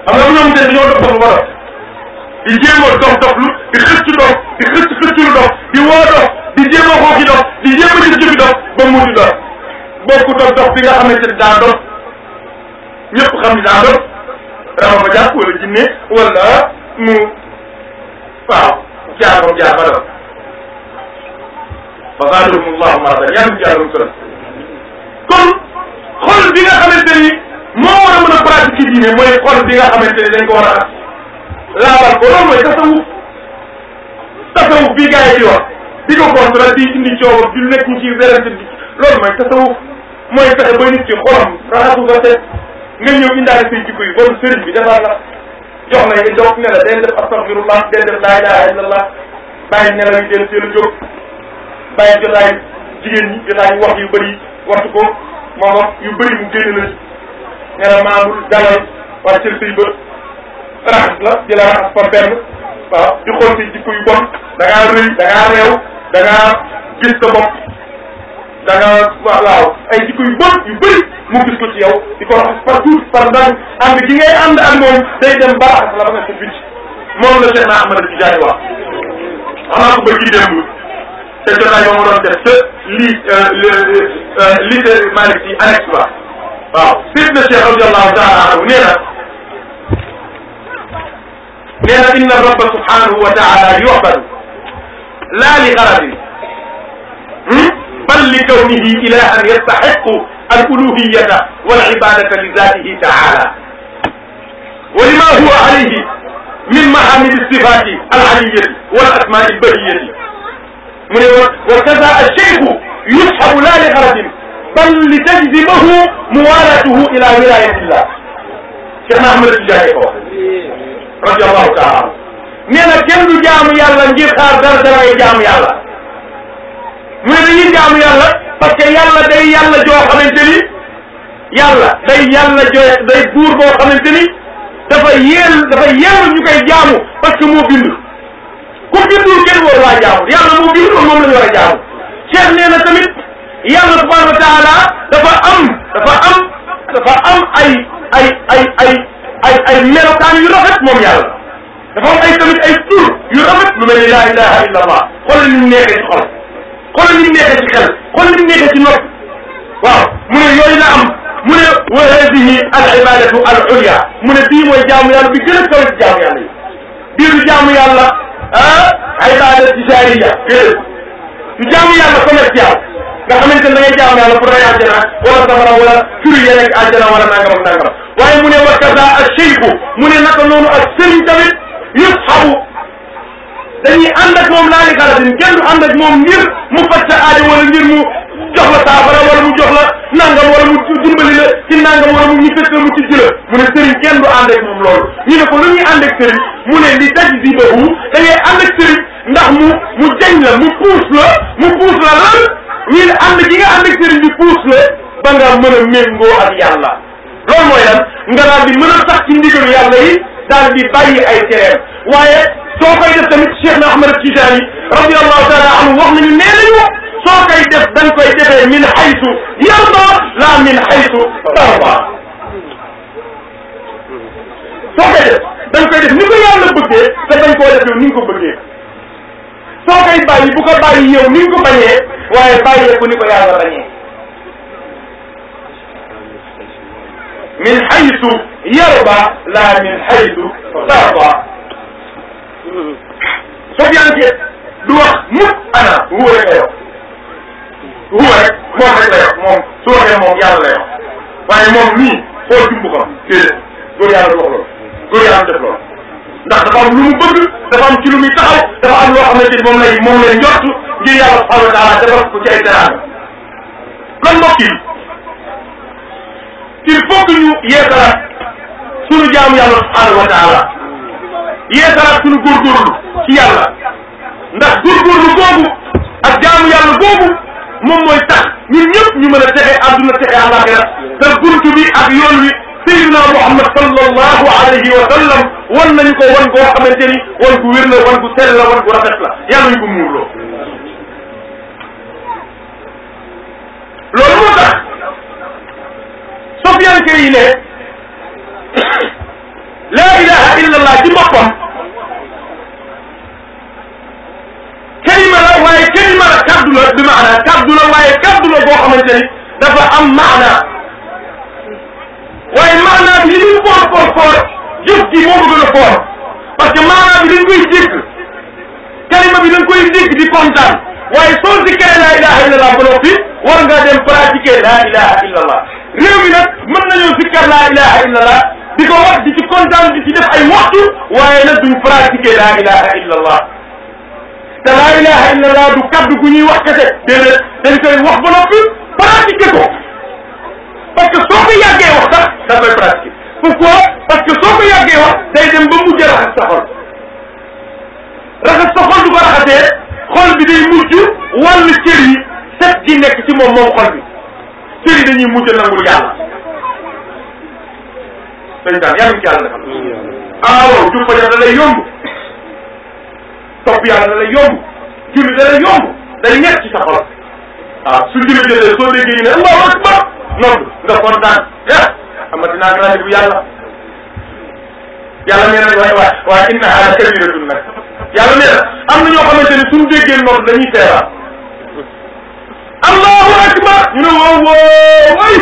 am na ñoom dañ ñoo dof doflu ba dof di jéem a dof doflu di xëcc dof di xëcc xëccul dof di woo dof di jéem a xooki dof di jéem a gis jëfi dof ba mujj dof bokku dof dof bi nga xamante ne daa dof ñëpp xam ni daa dof rama ma jàpp wala jinne wala mu hmm. waaw jaar ba mu jaar ba doon ba zaadahum allahu maradan yàlla mu jaarul turam kon xol bi nga xamante ni moo war a mën a pratiquer diine mooy xol bi nga xamante ni dañ ko war a laabal ko loolu mooy tasawuf tasawuf bi gars yi di wax di ko contre di indi coow di nekk ñu ci werante bi loolu mooy tasawuf mooy fexe ba nit ci xolam raxasu set nga ñëw indaale say jikko yi bon sëriñ bi defar la yo nañ la jox ne la day def astaghfirullah day def laa ilaha illallah bàyyi nelaw yi del teel a jóg bàyyi jotaay jigéen ñi jotaay wax yu bëri waxtu ko moo wax yu bëri mu génn la ne la maamul dalal waa cër sëy ba raxas la la raxas par benn waaw di xool si jikko yu bon da ngaa rëy da ngaa gis sa da nga waaw ay jikko yu bon yu bëri mu gis ko ci yow di ko raxas partout par ndànk ànd gi ngay ànd ak moom day dem ba raxas la ba nga sa bitti moom la Cheikh Ahmad Tidiane wax xanaa ko ba ci démb te jotaay yoo ma doon def te lii euh, euh, lii Malick ci annexe ba waaw Seydina Cheikh radiyallahu taala anhu nee na nee na inna rabba subhanahu wa taala yu'badu laa li xaradin hmm? bal li kawnihi ilahan yastahiqu al uluhiyata wal ibadata li zatihi taala wa lima huwa alayhi min mahamidi sifati al aliyati wal asmai al bahiyati mu ne wa kaza al cheikhu yushabu la li garadin bal li tajdibahu muwalatuhu ila wilayatillah Cheikh Ahmad Tidiane ko radiallahu taala nee na kenn du jaamu yàlla ngir xaar dara dara ngay jaamu yàlla mu ne dañuy jaamu yàlla parce que yàlla day yàlla joo xamante ni yàlla day yàlla joo day dafa yeel dafa yeel ñu koy jaamu parce que moo bind ku bindul kenn war waa jaamu yàlla moo bind moom la ñu war a jaamu Cheikh nee na tamit yàlla subhanahu dafa am dafa am dafa am ay ay ay ay ay ay melokaan yu moom yàlla dafa am ay tamit ay tur yu rafet lu mel laa ilaha illa allah xool ni mu neexee ci xoolal ni mu nekkee ci xel xoolal ni mu nekkee ci nopp waaw mu ne yooyu la am mu ne wa hadihi al ibadatu al ulya mu ne bii mooy jaamu yàlla bi gën a kawe ci jaamu yàlla yi bii du jaamu yàlla ah ibadat tijariya déedéet du jaamu yàlla commercial nga xamante ne da ngay jaamu yàlla pour rey àjjana wala safara wala turu yeneen àjjana wala nangam ak nangam waaye mu ne wa kaza ak shirku mu ne naka noonu ak sëriñ tamit yëpp xamu dañuy ànd ak moom laa ni kenn du ànd ak moom ngir mu faj sa aajo wala ngir mu jox la saafara wala mu jox la nangam wala mu dimbali la ci nangam wala mu ñu fekk la mu ci jëla mu ne sëriñ kenn du ànd ak moom loolu ñu ne ko lu ñuy ànd ak sëriñ mu ne li daj di boobu da ngay ànd ak sëriñ ndax mu mu jañ la mu puus la mu puus la lan ñu ne ànd gi nga ànd ak sëriñ bi puus la ba nga mën a méngoo ak yàlla loolu mooy lan nga daal di mën a soo koy def tamit Cheikh na Ahmad Tijaani radiyallahu taala anhu wax nañu nee nañu soo koy def da nga koy defee min haythu yarda la min haythu tarda soo koy def da nga koy def ni ko yàlla bëggee te dañ koo def yow ni nga ko bëggee soo koy bàyyi bu ko bàyyi yow ni nga ko bañee waaye bàyyee ko ni ko yàlla bañee min haythu yarda la min haythu tarda Sofyaan ci du wax mukk ana wuu rek la yor wuu rek moom rek la yor moom su waxee moom yàlla la yor waaye moom nii xool jumbu ko déedéet góor yàlla du wax loolu góor yàlla du def loolu ndax dafa am lu mu bëgg dafa am ci lu muy taxaw dafa am loo xamante ni moom lay moom lay njort ngir yàlla subhanahu wa taala defal ko ci ay teraanga kon mbokk yi il faut que ñu yeesalaat sunu jaamu yàlla subhanahu wa taala yeesalaat suñu góorgóorlu ci yàlla ndax góorgóorlu boobu ak jaamu yàlla boobu moom mooy tax ñun ñëpp ñu mën a texe àdduna texe àllaaxira te buntu bi ak yoon wi sayyidina Muhammad sallallahu alayhi wa sallam wan nañu ko wan koo xamante ni wan gu wér la wan gu sell la wan gu rafet la yàlla ñu ko muurloo loolu moo tax sofiyanke yi ne la ilaha illallah ci boppam kalima la waaye bi maana kaddu la waaye kaddu la boo xamante ni dafa am maana waaye maana bi li muy foor foor foor jëf gi moo ko gën a foor maana bi dañ koy dégg kalima bi dañ koy dégg di kontaan waaye soo dikkee la ilaha illallah ba noppi war nga dem la ilaha illallah di ko wax di ci kontaan di ci def ay waxtu waaye nag duñ pratiquer la ilaha illa allah te la ilaha illa allah du kaddu gu ñuy wax kese wax ba noppi pratiquer ko parce que soo ko yàggee wax sax da koy pratiquer pourquoi parce que soo ko yàggee wax day dem ba mujj raxas sa xol raxas sa xol du ko raxasee xol bi day mujj wàllu cër yi set gi nekk ci moom moom xol bi cër yi dañuy mujj nangul yàlla dañu daan yàlla ci yàlla defal aawo jub ba da lay yomb topp yàlla da lay yomb julli da lay yomb day nekk ci sa xol waaw ah, su julli jotee soo déggee ñu ne Allahu akbar noonu nga kontaan eh amati naa gën a déglu yàlla yàlla nee na waay waay waaye inna haada kabiratun nag yàlla nee na am na ñoo xamante ne suñu déggee noonu dañuy seeraat Allahu akbar ñu ne woo woo waay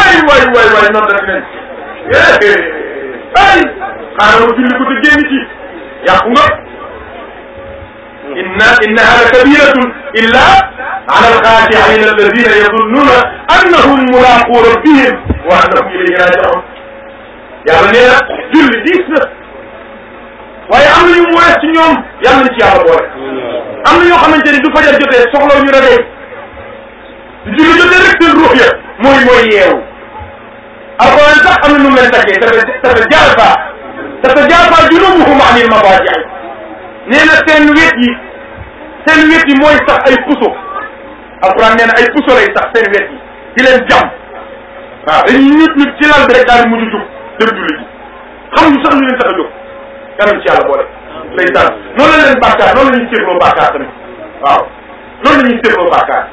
ay waay waay waay noonu def nañ ay xaaral ma julli ko te génn ci yàqu nga inna innaha la kabiratun illa ala alxaashiina alladina yadunnuna annahum mulaqu rabbihim wa annahum ilayhi rajiun yàlla nee na julli diis na waaye am na ñu mu wees ci ñoom yàlla nañ ci yàlla boole am na ñoo xamante ni du fajar jotee soxla ñu radee julli jotee rek seen ruux ya mooy mooy yeewu alxuraan sax am na nu mu leen taggee tatajaafaa tatajaafaa junubuhum anil madaaji' nee na seen wet yi seen wet yi mooy sax ay puso alxuraan nee na ay puso lay sax seen wet yi di leen jam waaw dañuy nit nit ci lal bi rek daal di mujj jug dem julli ji xam ñu sax ñu leen tax a jóg kanam ci yàlla boole lay tànn noonu la leen bàkkaar noonu la ñuy séexloo bàkkaar tamit waaw noonu la ñuy séexloo bàkkaar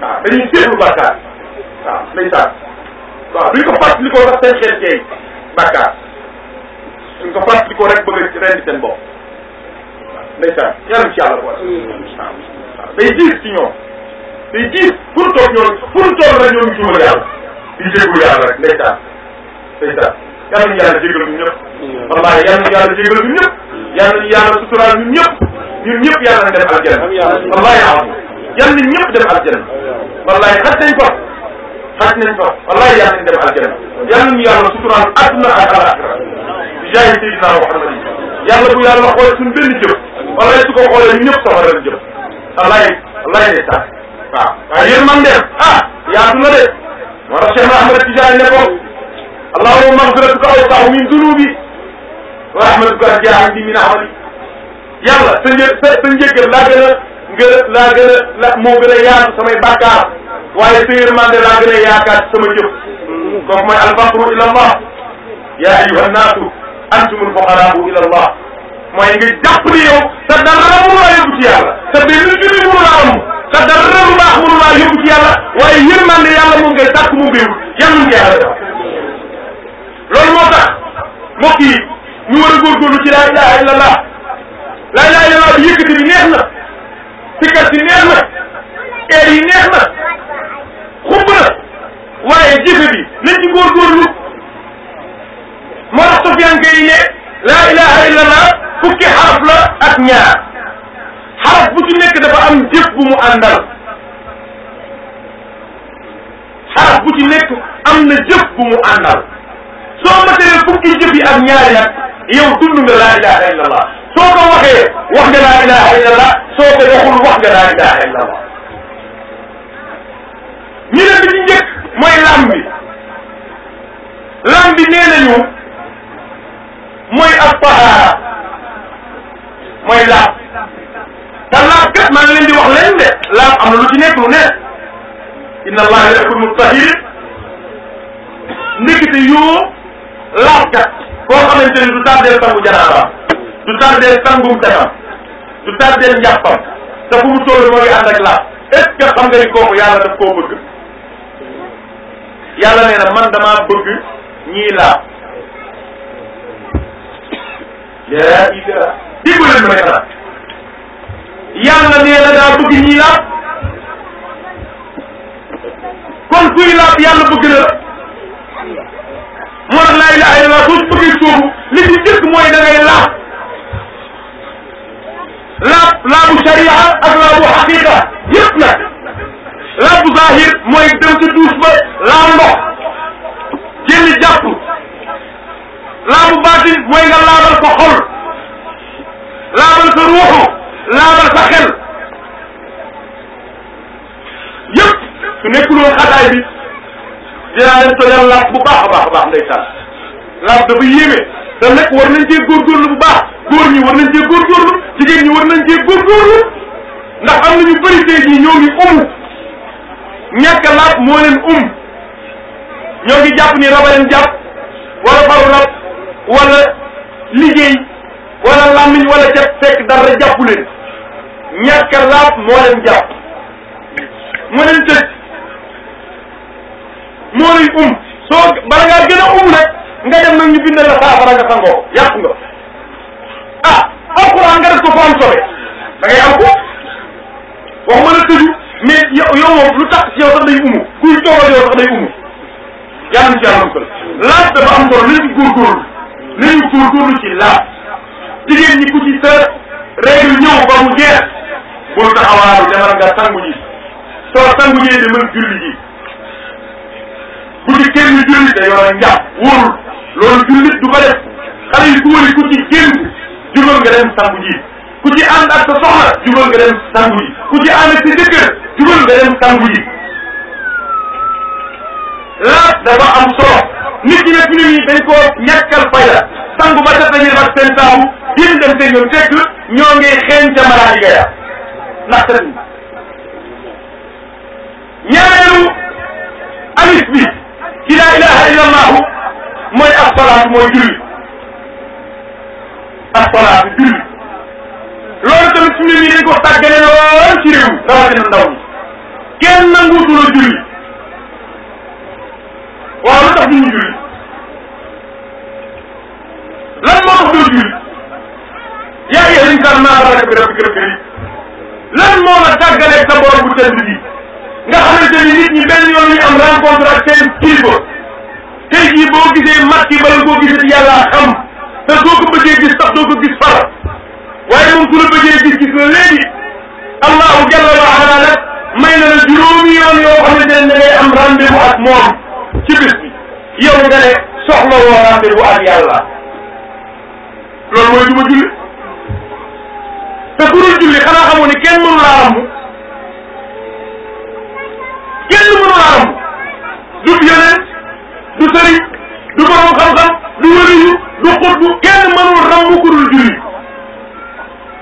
waaw dañuy séexlu bàkkaar waaw lay tànn duñ ko fàttalikoo sax seen xel tey bàkkaar duñ ko fàttalikoo rek bëgg a rendi seen bopp ndeysaan yàlla ci yàlla boole day diis ci ñoom day diis pour toog ñoom pour ya rek ñoom ñu jubal yàlla di jéggul yàlla rek ndeysaan ndeysaan yàlla nañu yàlla jégal ñun ñëpp wallaahi yàlla nañu yàlla jégal ñun ñëpp yàlla nañu yàlla suturaal ñun ñëpp ñun ñëpp yàlla nañ dem aljanna wallaahi am yàlla nañ ñëpp dem aljanna wallaahi xas nañ ko xaaj nañ fa wallaahi yàlla nañ dem aljanna yàlla nañu yàlla suturaal adduna ak alaxira jaay Seydina Muhammad yàlla bu yàlla xool suñ benn jëf wallaahi su ko xoolee ñu ñëpp safara la jëf wallaahi wallaahi ne sax waaw waaye yéen man de ah yaatu na de moo tax Cheikh Ahmed Tidiane ne ko allahumma magfiratuka awsa'u min dunubi wa rahmatuka arja'u indi min amali yàlla sa njëg sa njëggal laa gën a nga laa gën a moo gën a yaatu samay bàkkaar waaye sa yërmande laa gën a yaakaar ci sama jëf kooku mooy alfaqru ila allah ya ayuha nnaasu antumul fuqaraau ila allah mooy nga jàpp ni yow te dara mënu laa yóbbu ci yàlla te benn julli mënu laa am te dara lu waaye yërmande yàlla mu ngay wut yàlla ñu yàlla def loolu moo tax mbokk a ci laa ilaha illa allah laa ilaha illa allah bi yëkkati bi neex na sikkat si xubba la waaye jëfe bi nañ ci góorgóorlu moo tax sofiyanke yi ne laa ilaha illa allah fukki xaraf la ak ñaar xaraf bu ci nekk dafa am jëf bu mu àndal xaraf bu ci nekk am na jëf bu mu àndal soo matee fukki jëf yi ak ñaari nag yow dund nga laa ilaha illa allah soo ko waxee wax nga laa ilaha illa allah soo ko waxul wax nga laa ilaha illa allah ñu ne bi ci njëkk mooy lam bi lam bi nee nañu mooy ab mooy laab te laab kat maa ngi leen di wax leen de laab am na lu ci nekk lu ne inna allaha yuhibbul mutahhirin ndekete yoo laab kat koo xamante ni du tardeel sangu janaaba du tardeel sangum setam du tardeel njàppam te fu mu toll moo ngi ànd ak laab est ce que xam nga ni kooku yàlla daf koo bëgg yàlla nee na man damaa bëgg ñii laab laa ilaha déglu leen may xalaat yàlla nee na daa bëgg ñii laab kon kuy laab yàlla bëgg na la moo tax laa ilaha soo bëggee sóobu li ci jëkk mooy da ngay laab laab laabu sharia ak laabu xaqiqa yëpp nag laaj bu zahir mooy dem ca duus ba laal ndox jëli jàpp laabu baatin mooy nga laabal sa xol laabal sa ruuxu laabal sa xel yëpp su nekkul woon bi dinaa tojal laab bu baax a baax a baax ndeysaan laab dafa yéeme te nag war nañ cee góorgóorlu bu baax góor ñi war nañ cee góorgóorlu jigéen ñi war nañ cee góorgóorlu ndax am na ñu bëri tey jii ñoo ngi umu ñàkk a laab moo leen um ñoo ngi jàpp ni raba leen jàpp wala faru rab wala liggéey wala làmmiñ wala cet fekk dara jàppu leen ñàkk a laab moo leen jàpp moo um soo bala ngaa gën um nag nga dem nag ñu bindal la saafara nga sangoo yàq nga ah alquran nga def ko fa am sobe da ngay am ko wax mën a mais yow yow moom lu tax si yow sax day umu kuy toogal yow sax day umu yàlla na ci yàlla am solo laaj dafa am solo nañu góorgóorlu nañu góorgóorlu ci laaj jigéen ñi ku ci sa réew ñëw ba mu jeex bul taxawaaru demal nga sangu ji soo sangu ji di mën julli ji bu ci kenn julli te yor a njàpp wóorul loolu jullit du ko def xale yu góor yi ku ci génn jugal nga dem sangu ji ku ci ànd ak sa soxna jubal nga dem sangu ji ku ci ànd ak sa jëkkër jubal nga dem sangu ji laaj dafa am solo nit ñi nag ñu ne nii dañ koo ñàkkal fayda sangu ba set dañuy rax seen saabu yéen dem seen yoon fekk ñoo ngi xeeñ ca malaadi ga ya ndax set ñaareelu amis bi ki laa ilaha illa allahu mooy asalaatu mooy julli asalaatu julli loolu tamit su ñu nii dañ ko wax tàggale lool ci réew mi rawatina ndaw ñi kenn nanguutu la julli waaw lu tax du ñu julli lan moo tax doo julli yaa ngi yéen incha allah maa ngi rafetlu rafetlu rafetlu lan moo la tàggaleeg sa borom bu tëdd bi nga xamante ni nit ñi benn yoon ñu am rencontre ak seen kilifa tey jii boo gisee màcc bala boo gisee yàlla xam te doo ko bëggee gis sax doo ko gis far. waaye moom su la bëggee gis la léegi allahu jalla wa ala nag may na la juróomi yoon yoo xamante ne da am rendez ak moom ci bis yow nga ne soxla woo rendez-vous yàlla loolu mooy duma julli te ku dul julli xanaa xamoo kenn mënu laa kenn mënu laa du yonent du sëriñ du borom xam-xam du wëriyu du xutbu kenn mënul rambu ku dul julli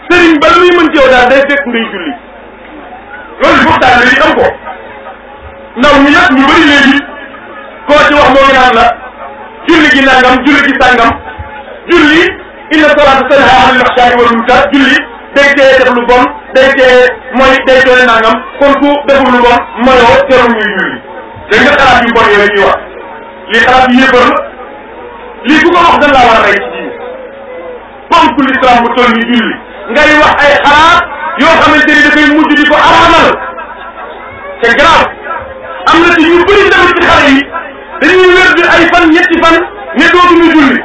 sëriñ ba lu muy mën ci yow daal day fekk ngay julli loolu foog daal léegi am ko ndaw ñu yëpp ñu bëri léegi koo ci wax moo ngi naan la julli gi nangam julli gi sàngam julli inna salaata tanha anil fahshaa'i wal munkar julli day teye def lu bon day teye mooy day teye nangam kon ku deful lu bon moyoo jarul ñuy julli dégg nga xalaat yu bon yooyu ñuy wax lii xalaat yu yëppal la lii ku ko wax dañ laa war a rey ci diine pomp li bu toll ni ngay wax ay xalaat yoo xamante ni dafay mujj di ko araamal c'est grave am na ci ñu bëri tamit ci xale yi dañuy wér di ay fan ñetti fan ne dootuñu julli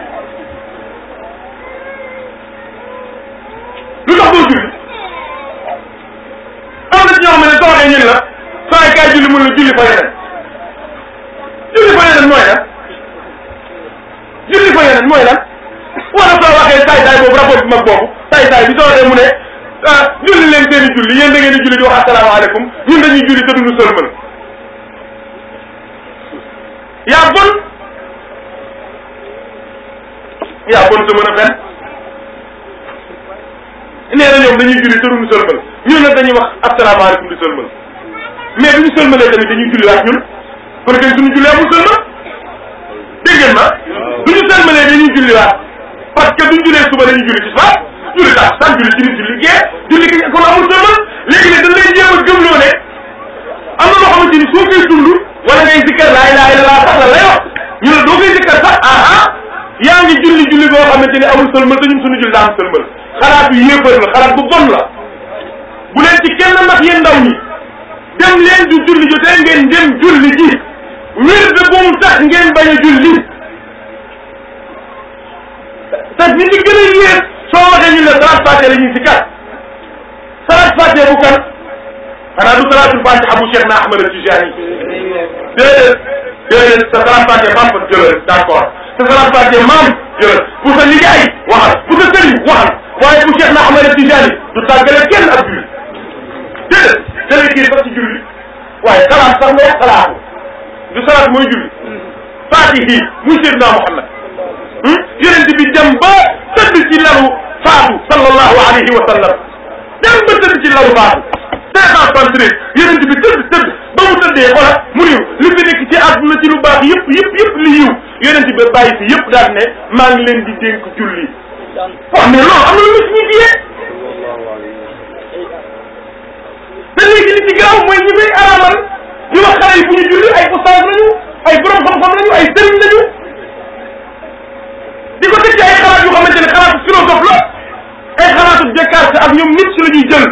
lu tax doo am na ci ñoo xam ne soo waxee ñun la soo ay kaay julli mun la julli fa yeneen julli fa yeneen mooy lan julli fa yeneen mooy lan wala soo waxee saay saay boobu rapport bi mag boobu saay saay bi soo dee mu ne ah leen seen i julli yéen da ngeen di julli di wax asalaamaaleykum ñun dañuy julli te duñu sëlmal yaa bon yaa bon te a fen nee na ñoom dañuy julli te duñu sëlmal ñun nag dañuy wax asalaamaaleykum di sëlmal mais bi ñu sëlmalee tamit dañuy julli waat ñun kon kenn suñu jullee amul sëlmal dégg ngeen ma duñu sëlmalee dañuy julli waat parce que duñ julee suba dañuy julli tisbaar julli takkusaan julli timis julli gee kon amul sëlmal léegi ne dañ lay jéem a gëmloo ne am na loo xamante ni soo koy dund wala ngay zikkar laa ilaha illa allah sax la lay ñu ne doo koy zikkar sax aha yaa ngi julli julli boo xamante ni amul sëlmal te julli daa am sëlmal xalaat la xalaat bu bon la bu leen ci kenn nax yéen ndaw ñi dem leen du julli ngeen dem julli ji wér de bu mu ngeen bañ a julli te ñi ñu gën a yées soo waxee ñu ne salaat fàtte la ñuy si kat salaat fàtte bu kan xanaa du salaatul fàtte abu cheikh na ahmad tijani déedéet déedéet sa salaat fàtte maam fa jëlal d'accord sa salaat fàtte maam jëlal pour sa liggéey waxal pour sa sëriñ waxal waaye bu cheikh na ahmad tijani du tàggale kenn ak julli déedéet délégué ba ci julli waaye salaat sax ngay xalaatu du salaat mooy julli faatihi muy seydina muhammad yonent bi dem ba tëdd ci lalu faatu sallallahu alayhi wa sallam dem ba ci lalu faatu cinq cent soixante-treize yonent mu tëddee xoola mu niw li fi ci lu baax yëpp yëpp yëpp li yiw bi bàyyi fi yëpp daal ne maa ngi leen di dénk julli wax loolu am na lu signifié te léegi li ci gaaw mooy ñi koy araamal di wax xale bu julli ay ustaas lañu ay borom xam-xam lañu ay sëriñ lañu di ko teg ci ay xalaat yu xamante ne xalaatu philosophe la ay xalaatu Descartes ak ñoom nit si la ñuy jël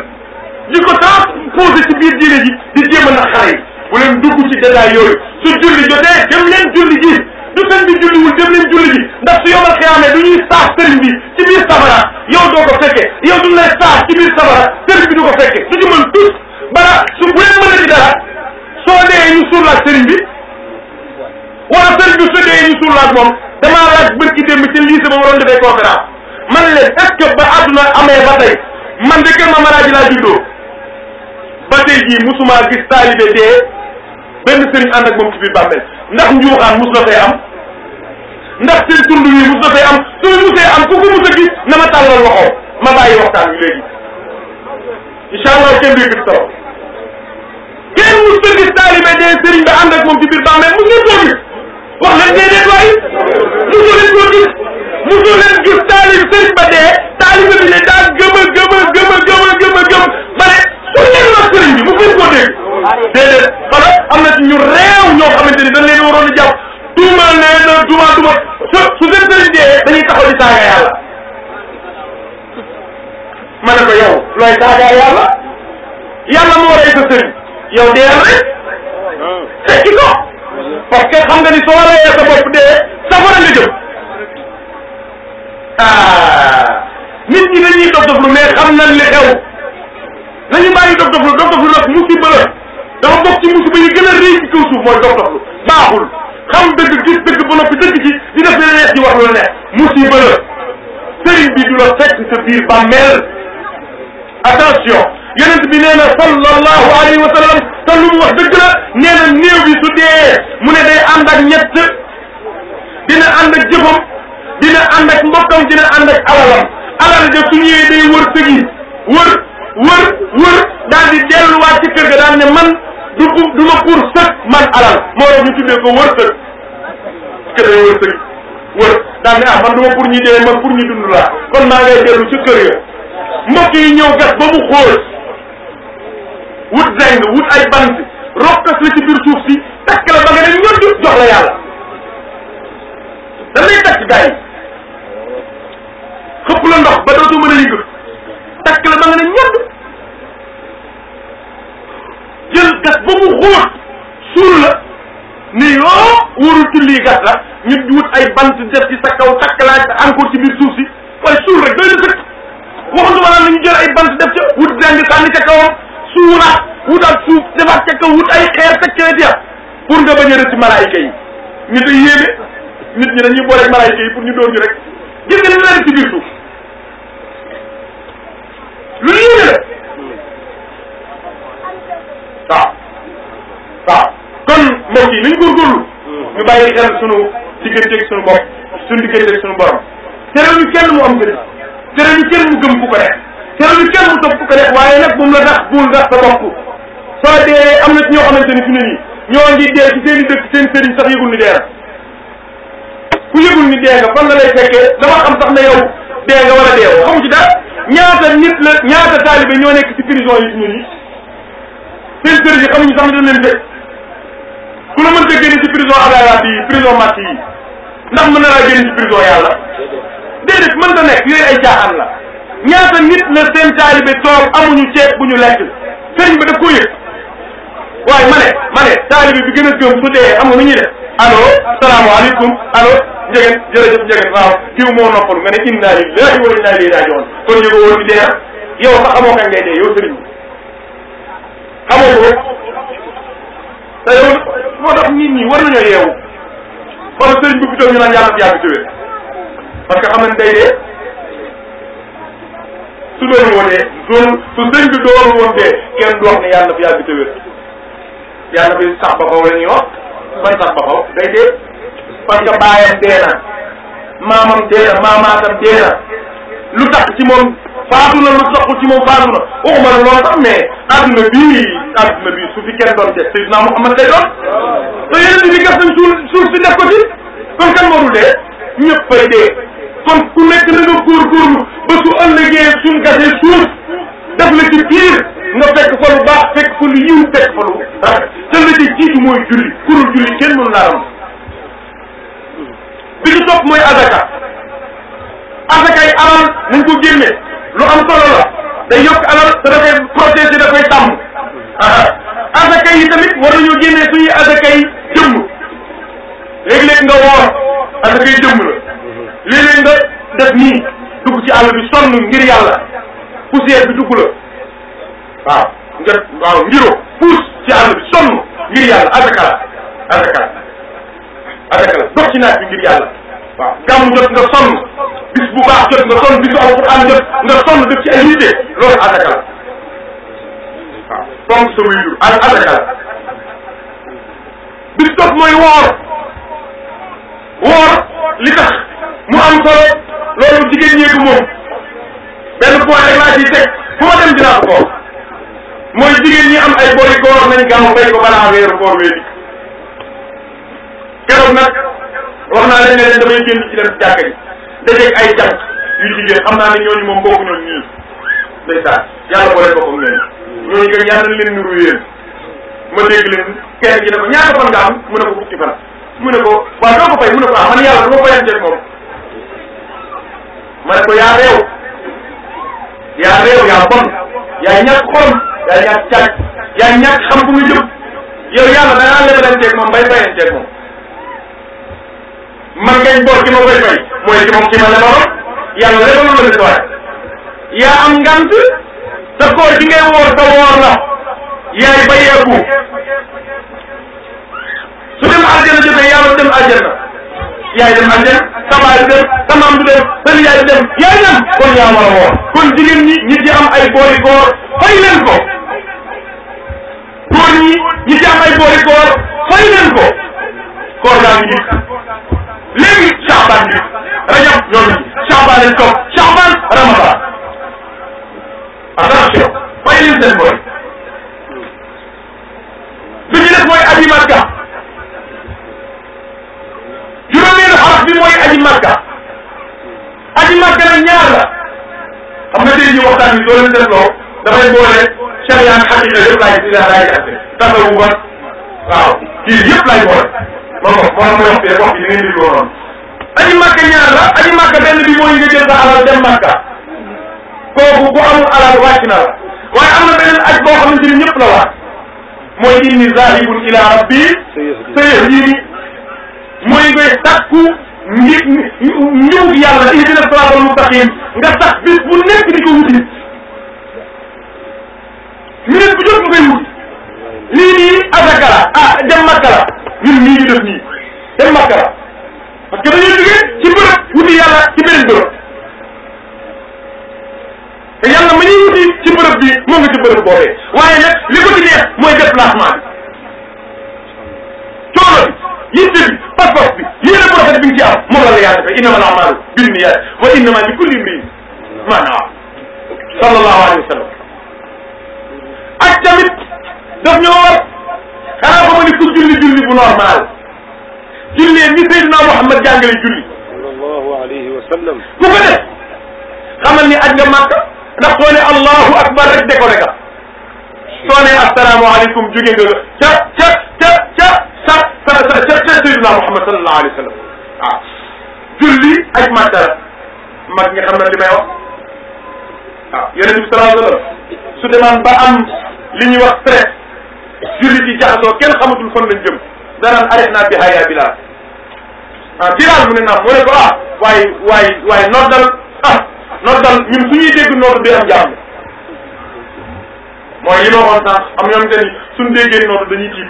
di ko transposé ci biir diine ji di jéem a nax xale yi bu leen dugg ci détail yooyu su julli jotee dem leen julli ji du seen bi julliwul dem leen julli ji ndax su yomal xiyaamee du ñuy saas sëriñ bi ci biir sabara yow doo ko fekkee yow duñ lay saas ci biir sabara sëriñ bi du ko fekkee du ci mën tus bala su bu leen mën a di dara soo dee ñu suur laaj sëriñ bi wala sëriñ bi fekkee ñu suul laaj moom damaa laaj bët ki démb ci lycée ba ma doon defee conférence man leen est ba àdduna amee ba tey man de kër ma maraaji laa juddoo ba tey jii musuma gis benn sëriñ ànd ak moom ci biir ndax njuuxaan mus na fee am ndax seen tund yi mus na fee am su musee am ku ko mus a gis na ma loxo ma bàyyi waxtaan wi léegi incha allah kenn duy gis solo kenn mus a gis taalibe dee sëriñ ba ànd ak moom ci biir gis wax leen déedéet waay mosoo leen koo gis mosoo leen gis taalib sëriñ ba dee taaliba bi ne daa gëm a gëm a gëm a gëm a gëm a gëm ba ne su leen wax sëriñ bi mu gën koo dégg déedéet xanaa am na ci ñu réew ñoo xamante ni dañ leen waroon a jàpp na duma duma su su seen sëriñ dee dañuy taxaw di saaga yàlla ma ne ko yow looy saaga yàlla yàlla moo rey sa sëriñ yow dee rek fekki ko parce que xam nga ni soo rayee sa bopp dee safara nga jëm ah nit ñi dañuy dof dof lu mais xam li xew nañu bàyyi dof dof lu dof dof lu nag musiba la dafa bokk ci musiba yi gën a rëy ci dëgg gis dëgg ba noppi dëgg ci di def la neex di wax la neex bi du la fekk sa biir bàmmeel attention yonent bi nee na sallallahu alayhi wa sallam te lu mu wax dëgg la nee néew bi su dee mu ne day ànd ak ñett dina ànd ak jëfam dina ànd ak mbokkam dina ànd ak alalam alal ja su ñëwee day wër yi wër wër wër daal delluwaat ci kër ga daal ne man du du ma pour sëg man alal moo tax ñu tuddee ko wër kër day wër sëg wër daal ah man du ma pour ñi dee man pour ñi dund laa kon maa ngay dellu ci kër ya mbokk ñëw gas ba mu xool wut zeng wut ay bant rokkas la ci biir suuf si takk la ba nga ne ñoom ñëpp jox la yàlla dañ takk gars xëpp la ndox ba dootoo mën a yëngatu takk la ba nga ne ñoom jël gas ba mu xóot suul la ni yoo warul ci gas la ñu wut ay bant def ci sa kaw takk laa encore ci biir suuf si waaye suul rek doy na sëkk waxuñu ma naan nañu jël ay bant def ca wut zeng sànni ca kawam. suuraat wutaat suuf defaat ca kaw wut ay xeer teg ca wet ya pour nga bañ a rëcc malaayika yi ñu day nit ñi dañuy booleeg malaayika yi pour ñu door ñu rek gis nga li ñu ci biir suuf lu yéeme la waaw waaw kon mbokk yi nañ góorgóorlu ñu bàyyi xel sunu digganteeg sunu bopp sunu digganteeg sunu borom tere ñu kenn mu am gën tere ñu kenn mu gëm ku ko te loolu kenn mu topp ko def waaye nag moom la tax bul ndax sa bopp soo dee am na ci ñoo xamante ni nii ñoo ngi dee ci seen i dëkk seen sëriñ sax yëgul ni dee na ku yëgul ni dee nga fan la lay fekkee dama xam sax na yow dee nga wala deew xamu ci dara ñaata nit la ñaata ñoo nekk ci prison yi fi ne nii seen sëriñ yi xamuñu sax ne dañ leen fekk ku la mënta génne ci prison Abdoulaye bi prison Matt yi ndax mën na laa génne ci prison yàlla la ñaata nit la seen taalibe toog amuñu ceeb bu ñu lekk sëriñ ba daf koo yëg waaye ma ne ma ne taalibe bi gën a gëm su dee am nga nu ñuy def allo salaamaaleykum allo njëgën jërëjëf njëgën waaw diw moo noppalu nga ne inna lillahi wa inna ilayhi rajiun kon yëgoo woon bi dee yow sax amoo kañ ngay dee yow sëriñ bi xamoo ko te yow moo tax nit ñi war nañoo yeewu kon sëriñ bi bu toog ñu naan yàlla yàgg ci wér parce que xam nañ day dee su doon wonee doon su sëñ bi doon woon dee kenn du wax ne yàlla fi yàgg te wér yàlla fi sax ba xaw la ñuy wax ban sax ba xaw day dee parce que baayam dee na maamam dee na maamaatam dee na lu tax ci moom faatu na lu taxul ci moom faatu na waxuma la loolu sax mais adduna bii adduna bii su fi kenn doon dee Seydina Muhammad day doon te yeneen di gëstu suul suul si def ko ci kon kan moo dul dee ñëpp fay dee kon ku nekk na nga góorgóorlu ba su ëllëgee suñ gasee suuf def la ci biir nga fekk fa lu baax fekk fa lu yiw fekk fa lu rafet te la ci jiitu mooy julli kurul julli kenn mënu laa ram bi ci topp mooy azaka azaka yi alal nañ ko génne lu am solo la day yokk alal te dafay protéger dafay tàmm azaka yi tamit war nañoo génne suñuy azaka yi jëmm léegi-léegi nga woor azaka yi jëmm la léeg-léeg nga def nii dugg ci àll bi sonn ngir yàlla la waaw nga waaw ngiro puus ci àll bi sonn ngir yàlla azaka la azaka la azaka la dox ci naaj bi ngir yàlla waaw gàmm jot nga sonn bis bu baax jot nga sonn bisu alxuraan jot nga sonn def ci ay yitte loolu azaka la waaw fonk sa wéydu azaka la bis topp mooy woor woor li tax mu am solo loolu jigéen ñee ko moom benn point rek laa ciy teg fu ma dem dinaa ko xool mooy jigéen ñi am ay bori góor nañ gaaw bay ko balaa weeru koor wee di keroog nag wax naa leen ne leen damay génn ci dem jàkka ji dajeeg ay jànk yu jigéen xam naa ne ñooñu moom bokku ñoon nii ndeysaan yàlla boole ko comme ñooñu ñooñu kay yàlla leen nuru yéen ma dégg leen kenn gi ne ko ñaata fan nga am mu ne ko fukki fan mu ne ko waaw doo ko fay mu ne ko ah man yàlla du ma fayanteel moom ma ne ko yaa réew yaa réew yaa bon yaa ñàkk xorom yaa ñàkk càkk yaa ñàkk xam bu nga jëm yow yàlla da ngaa lebalanteeg moom bay bayanteeg man ngañ bor ki ma koy fay mooy ci moom ci ma lebaloon yàlla lebalul la nit waaye yaa am ngant sa koor gi ngay woor sa woor la yaay bayeeku su dem àjjana jotee yàlla dem àjjana yaay dem àjjana sa baay dem sa maam du dem sa dem yaay dem yaa war a kon jigéen ñi ñi am ay boori koor fay leen ko góor ñi ñi ci am ay boori koor fay leen ko koor daa ngi léegi Shaaban bi Rajab loolu Shaaban leen toog Shaaban Ramadan attention fay leen seen boy bi ñu def mooy juróomeelu xaraf bi mooy aji makka aji makka nag ñaar la xam nga tey jii waxtaan bi doo leen seetloo dafay boole charia ak xaqiqa yëpp laay si laay gàtte tasawu ba waaw kii yëpp laay boole loolu moom moo tax ma wax fii wax bi da ngeen di déglu woon. aji makka ñaar la aji makka benn bi mooy nga jël sa alal dem makka kooku bu amul alal wàcc na la waaye am na beneen aj boo xamante ni ñëpp la wax mooy inni zahibun ila rabbi sayyahdini mooy ngay takku ngi ñëw gi yàlla ihdina siraatal mustaqiim nga tax bis bu nekk di ko wuti minute bu jot nga koy wut lii nii asaka la ah dem makka la ñun nii ñu def nii dem makka la parce que dañuy jógee ci bërëb wuti yàlla ci beneen bërëb te yàlla ma ñuy wuti ci bërëb bi moo nga ci bërëb boobee waaye nag li ko ci neex mooy déplacement bi coono bi yitte bi la yàlla defee innamal a'maalu binniyaat wa innamaa likulli imri'in maa nawaa sallallahu alayhi wa sallam ak tamit daf ñoo war xanaa ba ma ni ku julli julli bu normal jullee ni Seydina Mouhamed jàngale julli. sallallahu alayhi wa sallam. ku ko def xamal ni aj nga màkk ndax soo ne Allahu akbar rek décollé ka soo ne asalaamaaleykum jóge nga ca ca ca ca sa sa sa Seydina Mouhamed sallallahu alayhi wa sallam waaw. Ah. julli aj màkka la mag ñi xam na li may wax waaw ah, yeneen bi sallallahu su demaan ba am li ñuy wax stress julli ci jaxasoo kenn xamatul fan lañ jëm danaan arrêt naa bi haya bilal ah bilal mu ne naam mu ne ko ah waaye waaye waaye noddal ah noddal ñun suñuy dégg nodd bi am jàmm mooy li ma waxoon sànq am ñoom te ni suñu déggee nodd dañuy tiit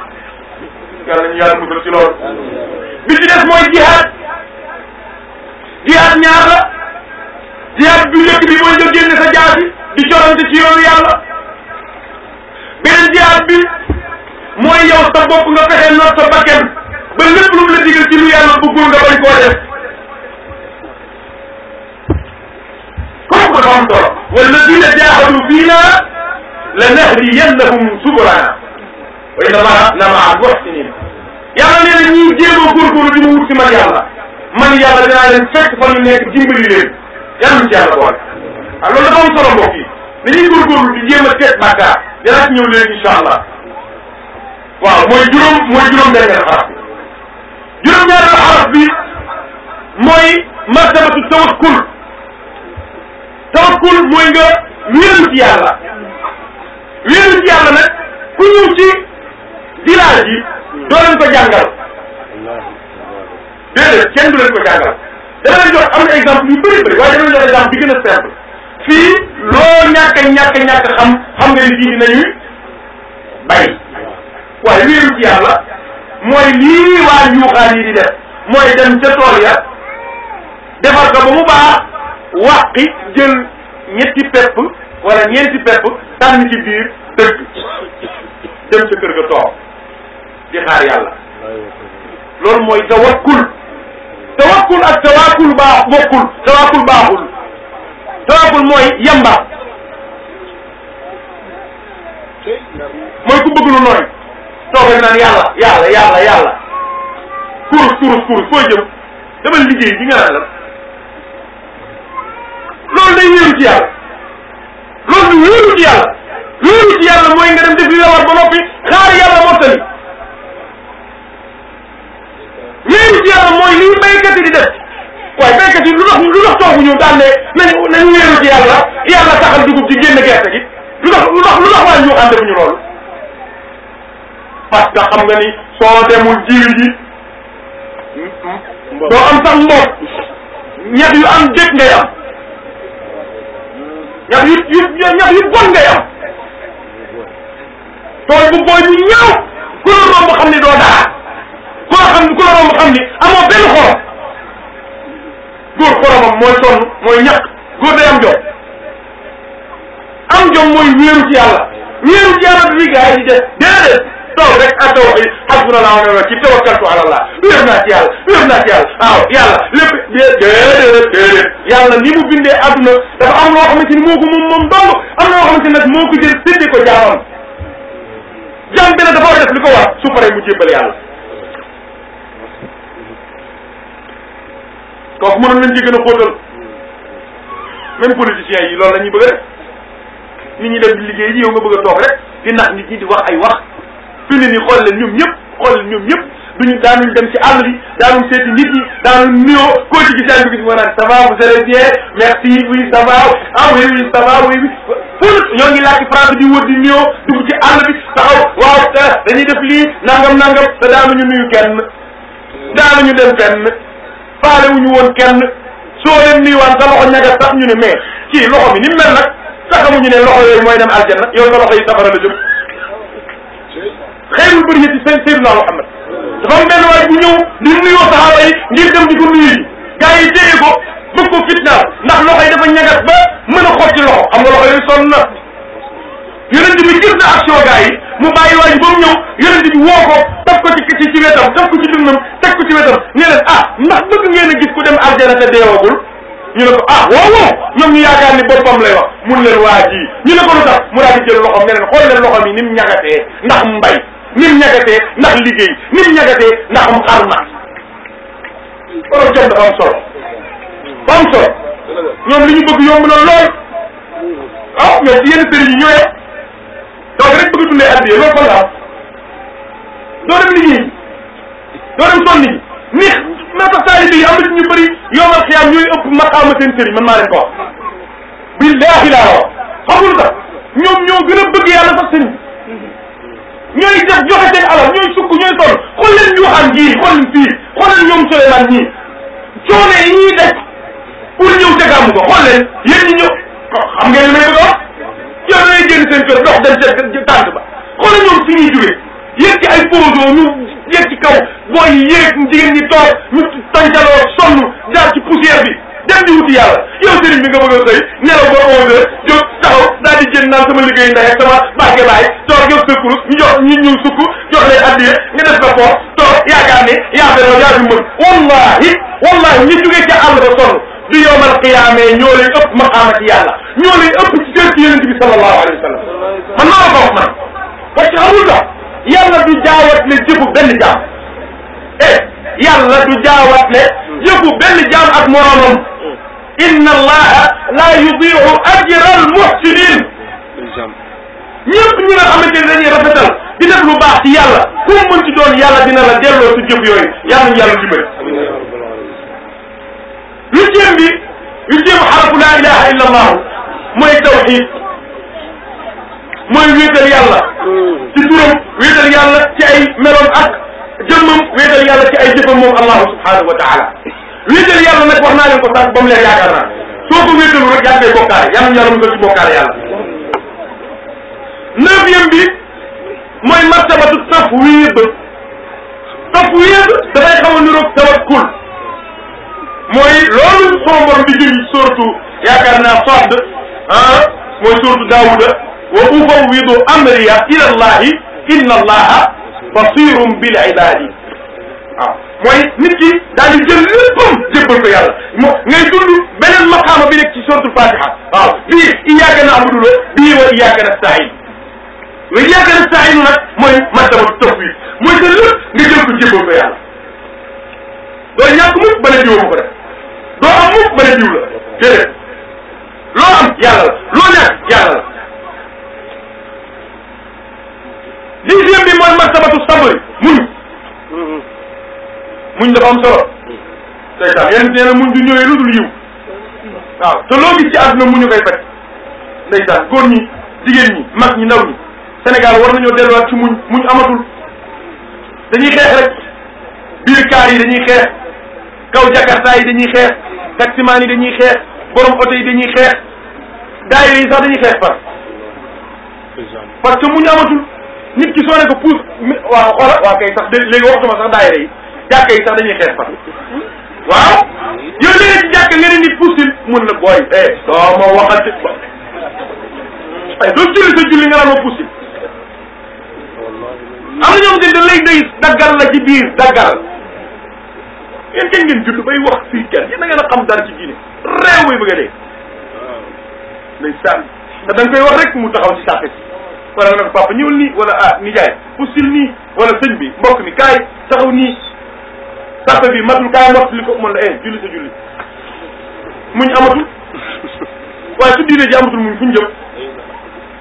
yàlla ñu yàlla musal ci loolu bi ci des mooy jihaad jihaad ñaar la jihaad bu njëkk bi mooy nga génne sa jaasi di corante ci yoonu yàlla beneen jihaad bi mooy yow sa bopp nga fexe noot sa bakkan ba lépp lu mu la digal ci lu yàlla bëggul nga bañ koo def kooku dafa am solo walladina jaahadu fiina lanahdiyannahum subulana wa inna allaha lamaa al muhsinin yàlla nee na ñiy jéem a góorgóorlu di ma wut ci man yàlla man yàlla dinaa leen fekk fa ñu nekk dimbali leen yàlla lu ci yàlla waaw ah, loolu dafa am solo mbokk yi di jéem a teet bàkkaar dinaa ci ñëw léegi incha waaw mooy juróom mooy juróom-benn xaraf bi juróom-ñaari xaraf bi mooy martabatu tawakkul tawakkul mooy nga wéeru ci yàlla wéeru ci yàlla nag ku ñëw ci village yi doo leen ko jàngal. déedéet kenn du leen ko jàngal dama leen jox am na exemple yu bëri bëri waaye dama leen jox exemple bi gën a simple fii loo ñàkk a ñàkk a ñàkk xam xam nga ni fii bay waaye wéeru ci yàlla mooy lii waa yuuxaan yi di def mooy dem ca tool ya defar ko ba mu baax wàqi jël ñetti pepp wala ñeenti pepp tànn ci biir dëgg dem ca kër ga toog di xaar yàlla loolu mooy tawakkul tawakkul ak tawakkul baax bokkul tawakkul baaxul tawakkul mooy yamba mooy ku bëgg lu nooy toog rek naan yàlla yàlla yàlla yàlla kurus kurus kurus foo jëm demal liggéey ji nga naan la loolu a wéeru ci yàlla loolu du wéeru ci yàlla wéeru ci yàlla mooy nga dem def li la war ba noppi béykat yi di def waaye lu tax lu tax toogu ñu daal ne nañ nañ wéeru ci yàlla yàlla saxal dugub ji génn gerte gi lu tax lu tax waaye ñu xam defuñu loolu parce que xam nga ni soo demul jiw ji doo am sax mboq ñax yu am dëkk ngay am yu bon ngay am tool bu booy bu ñaaw ku la romb ni doo ku la xam ni amoo benn xorom góor xoromam mooy sonn mooy ñàkk góor day am jom am jom mooy wéeru ci yàlla wéeru ci yàlla bi gars yi di def déedéet toog rek ak ah, taw it hasbunallah wa ni'mal wakil tawakkaltu ala allah wéer naa ci yàlla wéer naa ci yàlla waaw yàlla lépp déedéet déedéet yàlla ni mu bindee adduna dafa am loo xamante ni moo ko moom moom dong am na loo xamante ni nag moo ko jël séddee ko jaamam jaam bi nag dafa war a def li ko war su paree mu jébbal yàlla kooku mënoon nañ ci gën a xóotal même politiciens yi loolu la ñuy bëgg a def nit ñi dem di liggéey yi yow nga bëgg a toog rek di nax nit ñi di wax ay wax fi ne nii xool leen ñoom ñëpp xool leen ñoom ñëpp duñu daanuñ dem ci àll bi daanuñ seeti nit ñi daanuñ nuyoo koo ci gis yaa ngi gis ma naan ça va vous allez bien merci oui ça va ah oui oui ça va oui oui ful ñoo ngi laajte France di di nuyoo waaw eh, dañuy def lii nangam nangam te daanuñu nuyu kenn daanuñu dem fenn. faale wu ñu woon kenn soo leen nuyuwaan sa loxo ñaga sax ñu ne mais kii loxo bi ni mel nag ñu ne loxo yooyu mooy dem aljanna yow sa loxo yi safara la jëm xeyrul bariyati seen Seydina Muhammad dafa am benn waay bu ñëw di nuyoo saxaaba yi ngir dem di ko nuyu yi gars yi téye ko bëgg ko fitnaal ndax loxo yi dafa ñagas ba mën a xotti loxo xam loxo yooyu sonn na yonent bi gis na action gars yi mu bàyyi waa ji ba mu ñëw yonent bi woo ko daf ko ci ci ci wetam daf ko ci dundam teg ko ci wetam ne leen ah ndax bëgg gis ku dem aljana te deewagul ñu ne ko ah waaw waaw ñoom ñu yaakaar ni boppam lay wax mun leen waa ji ñu ko lu tax mu daal di jël loxoom ne leen xool leen loxoom yi ni mu ñagatee ndax mbay ni mu ñagatee ndax liggéey ni mu ñagatee ndax mu xarma wala jom dafa am solo ba am solo ñoom li ñu bëgg yomb na lool ah mais ci yenn sëriñ yi toog rek bëgg a dundee addiya loolu kon la doo dem liggéey doo dem sonni ni naa tax taalibe yi am na ñu bëri yoomal xiyaam ñooy ëpp maqaama seen sëriñ man maa leen ko wax billaahi laa wax xamul tax ñoom ñoo gën a bëgg yàlla sax sëriñ ñooy def joxe seen alal ñooy sukk ñooy sonn xool leen ñu waxaan jii xool leen fii xool leen ñoom Souleymane ñii coone yi ñuy def pour ñëw ca gàmmu ko xool leen yéen ñi ñëw xam ngeen li may bëgg a wax coone seen kër ndox dem seen tànk ba xoolal ñoom fi ñuy jógee yéeg ci ay poso ñu yéeg ci kaw booy yéeg jigéen ñi toog ñu tàncaloo sonn jaar ci poussière bi dem di wuti yàlla yow sëriñ bi nga bëgg a sëy nelaw ba onze heures jóg taxaw daal di jënd naan sama liggéey ndax sama barke baay toog yow sa kurus ñu jox ñu ñëw sukk jox leen addiye nga def rapport toog yaakaar ne yaa benn yaa fi mën wallahi wallahi ñu jógee ca àll ba sonn du yowmal qiyaamee ñoo lay ëpp maqaama ci yàlla ñoo lay ëpp ci jër ci yonente bi sallallahu alayhi wa sallam man maa la ko wax man parce que amul dox yàlla du jaawat ne benn jaam eh yàlla du jaawat ne benn jaam ak moroomam inna allaha la yudiu ajra al muhsinin ñëpp ñi nga xamante ne dañuy yooyu yàlla ñu yàlla dimbali huitième bi huitième xarafu laa ilaha illa allahu mooy tawxid mooy wéetal yàlla ci turam wéetal yàlla ci ay meloom ak jëmmam wéetal yàlla ci ay jëfam moom allahu subhanahu wa taala wéetal yàlla nag wax naa leen ko sànq ba mu leen yaakaar naa soo ko wéetalu rek yaa ngi koy bokkaale yàlla yàlla mu ko ci bokkaale yàlla neuvième bi mooy martabatu tafwid tafwid dafay xaw a niroog tawakkul mooy loolu sunu borom di jël surtu yaakaar naa Sadd ah mooy surtu Daawuda wa ufawwidu amriya ila allahi inna allaha basirun bil ibadi mooy nit daal di jël léppam jébbal ko yàlla moo ngay dund beneen maqaama bi nekk ci surtu Fatiha waaw bii iyyaka na'budu la bii wa iyyaka nasta'in wa iyyaka nasta'in nag mooy maddamatu tawfiq mooy sa nga jël ko ko yàlla loolu ñàkk mu bala jiwoo ko def doo am mukk bëri diw la déedéet loo am yàlla la loo nekk yàlla la dixième bi mooy muñ muñ dafa am solo tey tam yéen nee na muñ du ñëwee lu dul yiw waaw te loo gis ci àdduna muñu koy fekk ndeysaan góor ñi jigéen ñi mag ñi ndaw ñi Sénégal war nañoo delluwaat ci muñ muñ amatul dañuy xeex rek biir kaar yi dañuy xeex kaw jakarta yi dañuy xeex taximaan yi dañuy xeex borom oto yi dañuy xeex daayira yi sax dañuy xeex far parce que mu ñu amatul nit ki soo ne ko puus waaw xoola waaw e sax léegi waxtuma sax daayira yi jàkka yi sax dañuy xeex far waaw yow léegi ci jàkka ne nit puusil mun la booy eh doo ma waxal ci ay eh, sa julli nga ma puusil am na ñoom te da lay daggal la ci biir daggal yéen kañ ngeen judd bay wax fii kenn yéen da ngeen a xam dara ci diine réew mi bëgg a dee. day sànni te koy wax rek mu taxaw ci saako si wala nga ne ko papa ñëwal nii wala ah nijaay usil nii wala sëñ bi mbokk mi kaay taxaw nii saako bi matul kaay mott li ko mën la eh julli sa julli muñ amatul waaye su diine ji amatul muñ fu ñu jëm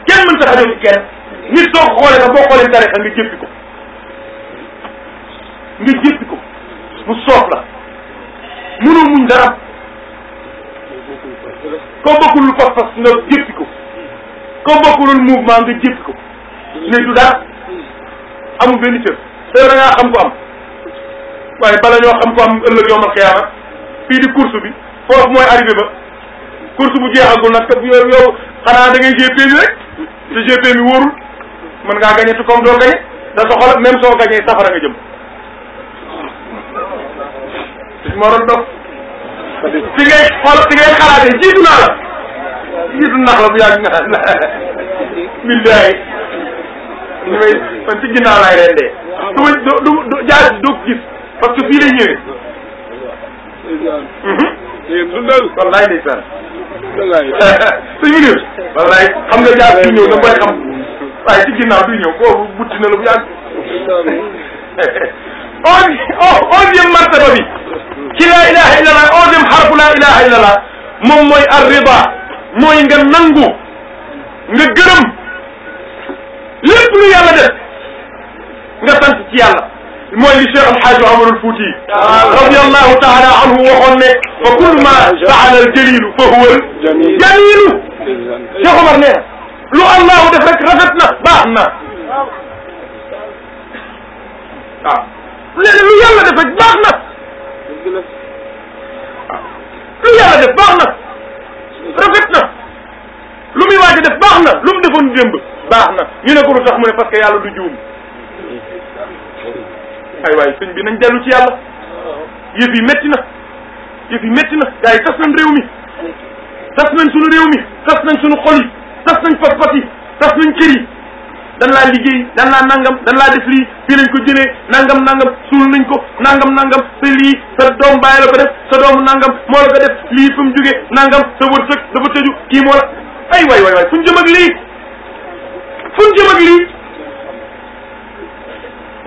kenn mën sa xajoo ci kenn nit soo ko xoolee sax boo xoolee tarixa nga jéppi ko nga jéppi bu soob la mënoo muñ dara koo bokkulul pas-pas nga jéppi ko koo bokkulul mouvement nga jéppi ko mais du dara amul benn cër te da xam ko am waaye bala ñoo xam ko am ëllëg yoomal xiyaama fii di course bi foofu mooy arrivé ba course bu jeexagul nag te bu yow yow xanaa da ngay GP bi rek te GP bi wóorul mën ngaa gagné te comme doo gagné da soxla même soo gagné safara nga jëm. moo doon dof fi ngay xool fi ngay xalaatee jiitu naa la jiitu nax la bu yàgg naa la billaay ñu may man ci ginnaaw laay leen dee du ma du du du jaay doo ko gis parce que lay ñëwee dundal wallaay ndeysaan suñ mu ñëw wallaay xam nga jaar du ñëw da koy xam waaye ci ginnaaw du na la bu yàgg on oh onzième martaba bi ci laa ilaha illa allah onzième xarfu laa ilaha illa allah moom mooy arriba mooy nga nangu nga gërëm lépp lu yàlla def nga sant ci yàlla mooy li Cheikh El Hadj Omar al Fouti radiyallahu taala anhu waxoon ne fa kullu ma faala al jalilu fa huwa al jalilu Cheikh Omar nee na lu allahu def rek rafet na baax na waaw nee na def baax na lu yàlla def baax na rafet na lu muy waaj def baax na lu mu defoon démb baax na ñu ne ko lu tax mu ne parce que yàlla du juum ay waay sëñ bi nañ dellu ci yàlla yëf yi métti na yëf yi métti na gars yi tas nañ réew mi tas nañ sunu réew mi tas nañ sunu xol yi tas nañ fas fas yi tas nañ kër yi dan laa liggéey dan laa nangam dan laa def lii fii lañ ko jëlee nangam nangam suul nañ ko nangam nangam sa lii sa doom bàyyi la ko def sa doomu nangam moo la ko def lii fu mu jógee nangam sa wërsëg dafa tëju kii moo la ay way way way fu ñu jëm ak lii fu ñu jëm ak lii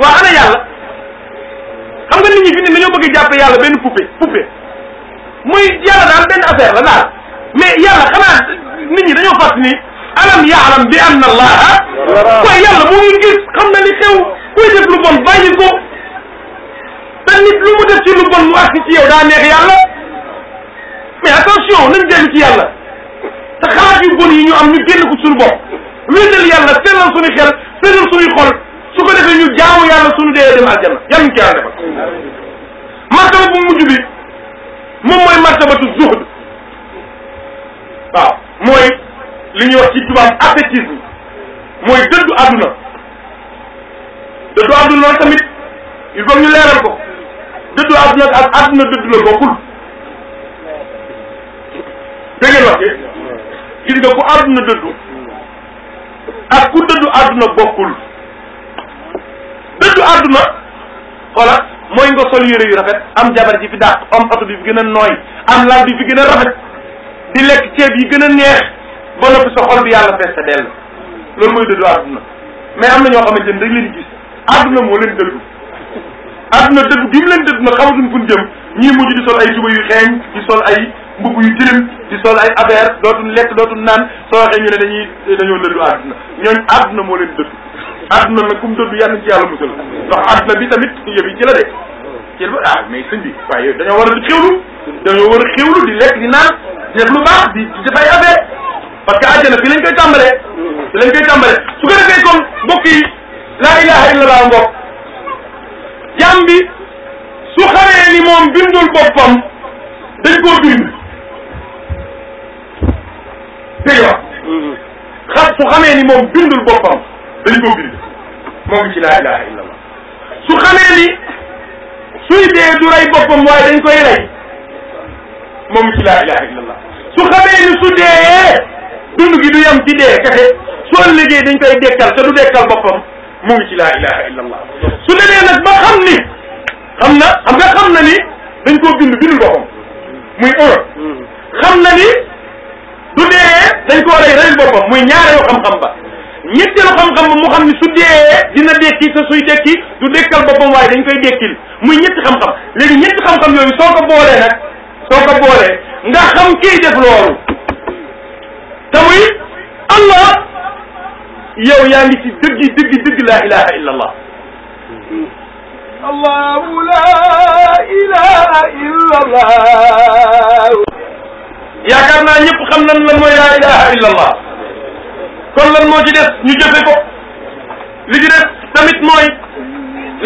waa ana yàlla xam nga nit ñi fi ne dañoo bëgg a yàlla benn poupée poupée muy yàlla daal benn affaire la daal mais yàlla xanaa nit ñi dañoo fàtt ni alam yaalam bi anna allaha waaye yàlla mu ngi gis xam na li xew kuy def lu bon bàyyi ko te nit mu def ci lu bon mu àgg ci yow daa neex yàlla mais attention nañ dellu ci yàlla te xalaat yu bon yi ñu am ñu génn ko suñu bopp wéetal yàlla sellal suñu xel sellal suñu xol su ko defee ñu jaamu yàlla suñu dee dem aljanna yàlla ñu ko yàlla defal martaba bu mujj bi moom mooy martabatu zuhd waaw mooy li ñuy wax ci tubaab ascétisme mooy dëddu àdduna dëddu àdduna tamit il faut ñu leeral ko dëddu àdduna ak àdduna dëddu la bokkul dégg nga gis nga ku àdduna dëddu ak ku dëddu àdduna bokkul dëddu àdduna xoola mooy nga sol yére yu rafet am jabar ji fi dàq am oto bi fi gën a nooy am lal bi fi gën a rafet di lekk ceeb yi gën a neex ba noppi sa xol bi yàlla fees sa dell loolu mooy dëddu àdduna mais am na ñoo xamante ne dañ leen gis àdduna moo leen dëddu àdduna dëddu gi mu leen dëddu nag xamatuñ fu ñu jëm ñii mujj di sol ay tuba yu xeeñ di sol ay mbubb yu tilim di sol ay affaire dootuñ lekk dootuñ naan soo waxee ñu dañuy dañoo dëddu àdduna ñooñ àdduna moo leen dëddu àdduna nag kum dëddu yàlla ci yàlla musal ndax àdduna bi tamit yëf yi ci la de ci la ah mais sëñ waaye dañoo war a di xewlu a xewlu di parce que àjjana fi lañ koy tàmbalee fi lañ koy tàmbalee su ko defee comme yi laa ilaha illa allah mbokk su xamee moom bindul boppam dañ koo bind dégg nga xam su xamee ni moom dañ koo bind moo ngi ci laa ilaha illa su xamee ni suy dee du boppam waaye dañ koy rey moo ngi ci laa ilaha illa su xamee su dee dund ki du yem ci dee kese soo liggéey dañ koy dekkal te du dekkal boppam mu ngi ci laa ilaha illa allah su demee nag ba xam ni xam na xam nga xam na ni dañ koo bind bindul boppam muy un xam na ni du dee dañ koo rey reyul boppam muy ñaareelu xam-xam ba ñetteelu xam-xam ba mu xam ni su dee dina dekki sa suy dekki du dekkal boppam waaye dañ koy dekkil muy ñetti xam-xam léegi ñetti xam-xam yooyu soo ko boolee nag soo ko boolee nga xam kii def loolu te muy allah yow yaa ngi ci dëggi dëggi dëgg laa ilaha illa allah allahu laa ilaha illa allah yaakaar naa ñëpp xam nan lan mooy la ilaha illa kon lan moo ci def ñu jëfe ko li ci des tamit mooy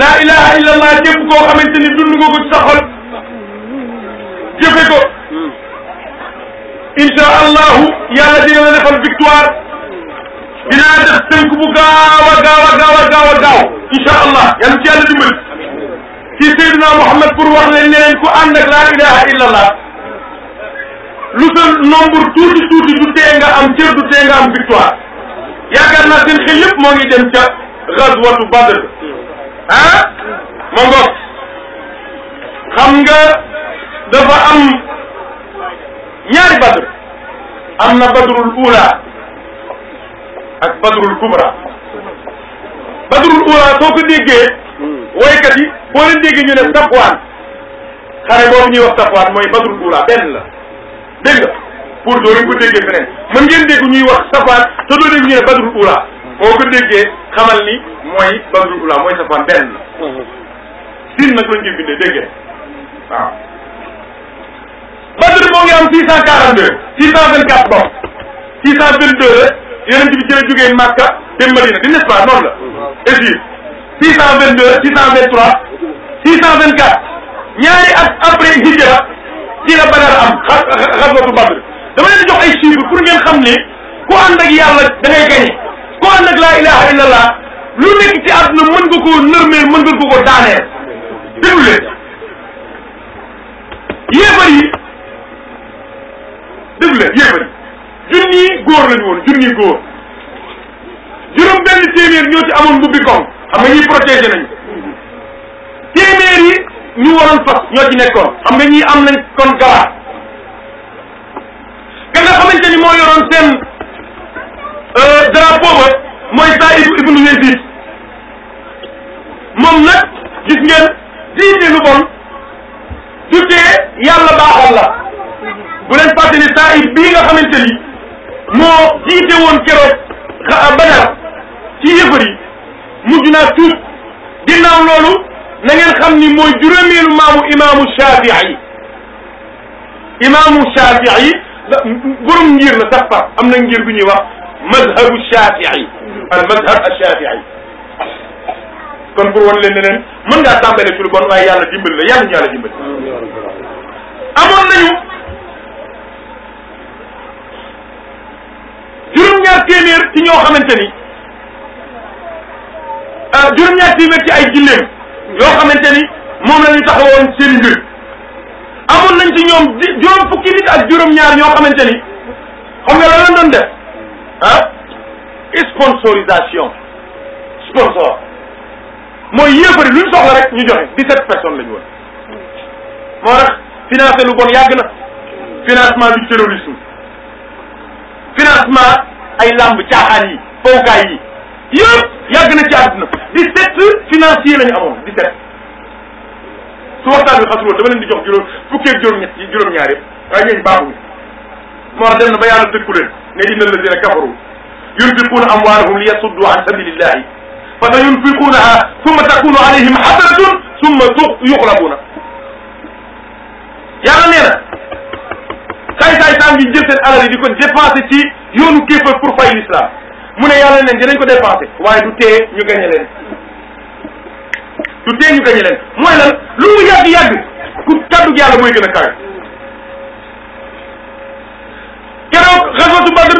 laa ilaha illa allah képp koo ni dund nga ko ci sa ko incha allahu yàlla dina la defal victoire dinaa def tënk bu gaaw a gaaw a gaaw ci yàlla dimbali ci Seydina leen ku ànd ak laa ilaha illa lu sa nombre tuuti tuuti du tee am cër du tee am victoire yaakaar naa seen xel yëpp moo ngi ca gazwatu Badr ah ma ngoog xam nga dafa am. ñaari badr am na badrul ula ak badrul kubra badrul ula soo ko déggee hmm. woykat yi boo leen déggee ñu ne safwaan xare boobu ñuy wax safwaan mooy badrul ula benn la dégg nga pour doo leen ko déggee feneen mën ngeen dégg ñuy wax safwaan te doo dégg ñu ne badrul ula boo ko déggee xamal ni mooy badrul ula mooy safwaan benn la hmm. sin nag lañ koy déggee waaw Badr moo ngi am six cent quarante deux six cent vingt quatre bon six cent vingt deux la yonent bi jël Makka dem Madina di n'est-ce pas noonu la six cent vingt deux six cent vingt trois six cent vingt quatre ñaari at après hijra ci la Badar am xaswatu Badr dama leen jox ay chiffres pour ngeen xam ni ku ànd ak yàlla da ngay gañe ku ànd ak laa ilaha illallah lu nekk ci àdduna mën nga koo nërmeel mën nga ko ko daaneel déglu leen déglu leen yéefar junniy góor lañu woon junniy góor juróom benn téeméer ñoo ci amoon mbubbi koom xam nga ñuy protégé nañu téeméer yi ñu waroon fas ñoo ci nekkoon xam nga ñi am nañ kon galaat ka nga xamante ni moo euh, mooy saa ibnu ibnu Yazid moom nag gis ngeen diine lu bon du tee yàlla baaxal la bu leen fàtte ni saa it bii nga xamante ni moo jiite woon keroog xa ah, Badar ci yëfër yi mujj naa tuut ginnaaw loolu na ngeen xam ni mooy juróomeelu maamu imaamu Shaafi'i imaamu Shaafi'i la borom ngir la sax far am na ngir bu ñuy wax mazhabu Shaafi'i al mazhab ash-Shaafi'i kon pour wan leen ne leen mën ngaa tàmbale ci lu bon waaye yàlla dimbali la yàlla ñu yàlla dimbali amoon nañu juróom-ñaar téeméer ci ñoo xamante ni euh, juróom-ñaar téeméer ci ay jinneem yoo xamante ni moom la ñu taxawoon seen mbir amoon nañ ci ñoom juróom fukki nit ak juróom-ñaar ñoo xamante ni xam nga la lan doon def ah sponsorisation sponsor mooy yéefari luñ soxla rek ñu joxe dix-sept personnes la ñu woon moo tax financé lu bon yàgg na financement du terrorisme financement ay làmb caaxaan yi fowkaay yi yëpp yàgg na ci àdduna dix-sept financier la ñu amoon dix-sept su waxtaan bi xasuloon dama leen di jox juróom fukki ak juróom ñett yi juróom-ñaar yëpp waaye ñooñu baaxuñu moo tax dem na ba yàlla dëkku leen ne dina lazina kafaru yunfiquuna amwaalahum li yasuddu an sabilillahi fa sa yunfiquunaha summa takunu alayhim hasanatun summa yuxlabuuna yàlla nee na islam yi jël seen alal yi di ko dépensé ci yoonu kéefar pour fay l'islam mu ne yàlla leen dinañ ko dépensé waaye du tee ñu gañe leen du tee ñu gañe leen mooy lan lu mu yàgg yàgg ku kàddu yàlla mooy gën a kawe keroog xaswatu badr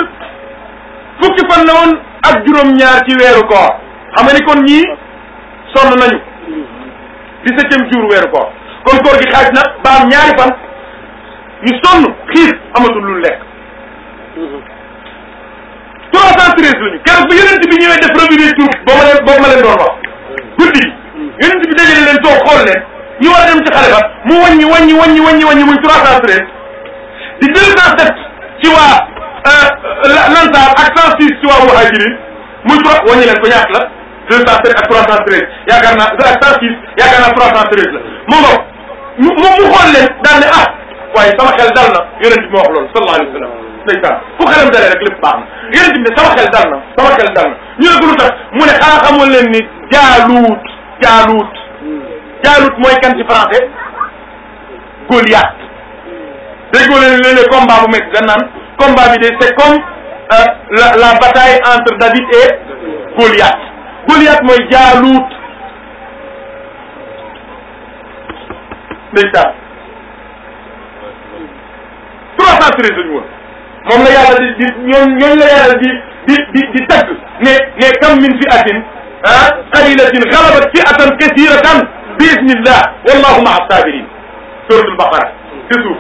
fukki fan la woon ak juróom-ñaar ci weeru koor xam nga ni kon ñii sonn nañu dix-septième jour weeru koor kon koor gi xaaj na ba am ñaari fan ñu sonn xiif amatul lu lekk. 313 lañu keroog ba yonent bi ñëwee def revue des troupes boo ma leen boo ma leen doon wax. guddi gi yonent bi dajale leen toog xool leen ñu war a dem ci xale ba mu wàññi wàññi wàññi wàññi wàññi muy 313 di 207 ci waa euh, Lansar ak 106 ci waa Muhajirin muy 3 wàññi leen ko ñaata la 207 ak 313 yaakaar naa ak 106 yaakaar naa 313 la mu ngoog mu mu xool leen daal ne ah. waaye sama xel dal na yonent bi wax loolu sallallahu alayhi wa sallam ndeysaan fu xelam dalee rek dal na sama xel dal na ñu ne ko lu tax mu ne xanaa xamoon leen ni jaaluut jaaluut mooy kan ci français Goliath déggoo leen léeg-léeg combat bu métti dañ naan combat bi de c'est comme euh, la la bataille entre David et Goliath Goliath mooy jaaluut ndeysaan trois cent treize lañu woon moom la yàlla di di ñoom ñooñu la yàlla di di di di tagg ne ne kam min fi atin ah qalilatin xalabat fi atan kasiratan bi isnillah wallahu maa sabirin suratul baqara te suuf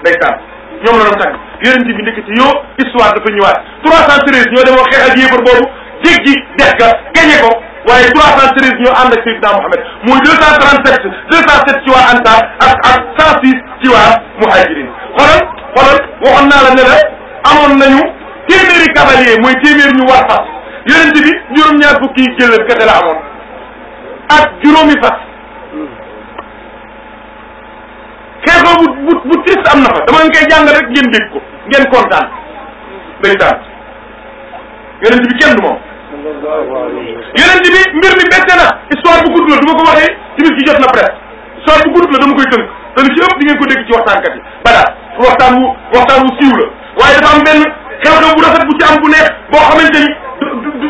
ndeysaan ñoom la doon tagg yonent bi nekk ci yow histoire dafa ñëwaat trois cent treize ñoo demoo xeex ak yéefar boobu jéggi dex ga gañe ko waaye trois cent treize ñoo ànd ak Seydina Mouhamed muy deux cent trente sept deux cent sept ci waa Ansaar ak ak cent six ci waa Muhajirin xoolal xoolal waxoon naa la ne la amoon nañu téeméeri cavalier mooy téeméer ñu war fas yonent bi juróom-ñaar fukki gëléem kese la amoon ak juróomi fas xeexoo bu bu bu triste am na fa dama ngi koy jàngal rek ngeen dégg ko ngeen kontaan ndeysaan yonent bi kenn du moom yonent bi mbir mi bette na histoire bu gudd la du ma ko waxee ci bis jot na presque histoire bu gudd la dama koy tënk te li ci ëpp di ngeen ko dégg ci waxtaankat yi balaa waxtaan wu waxtaan wu siiw la a dafa am benn xew-xew bu rafet bu ci am bu neex boo xamante ni du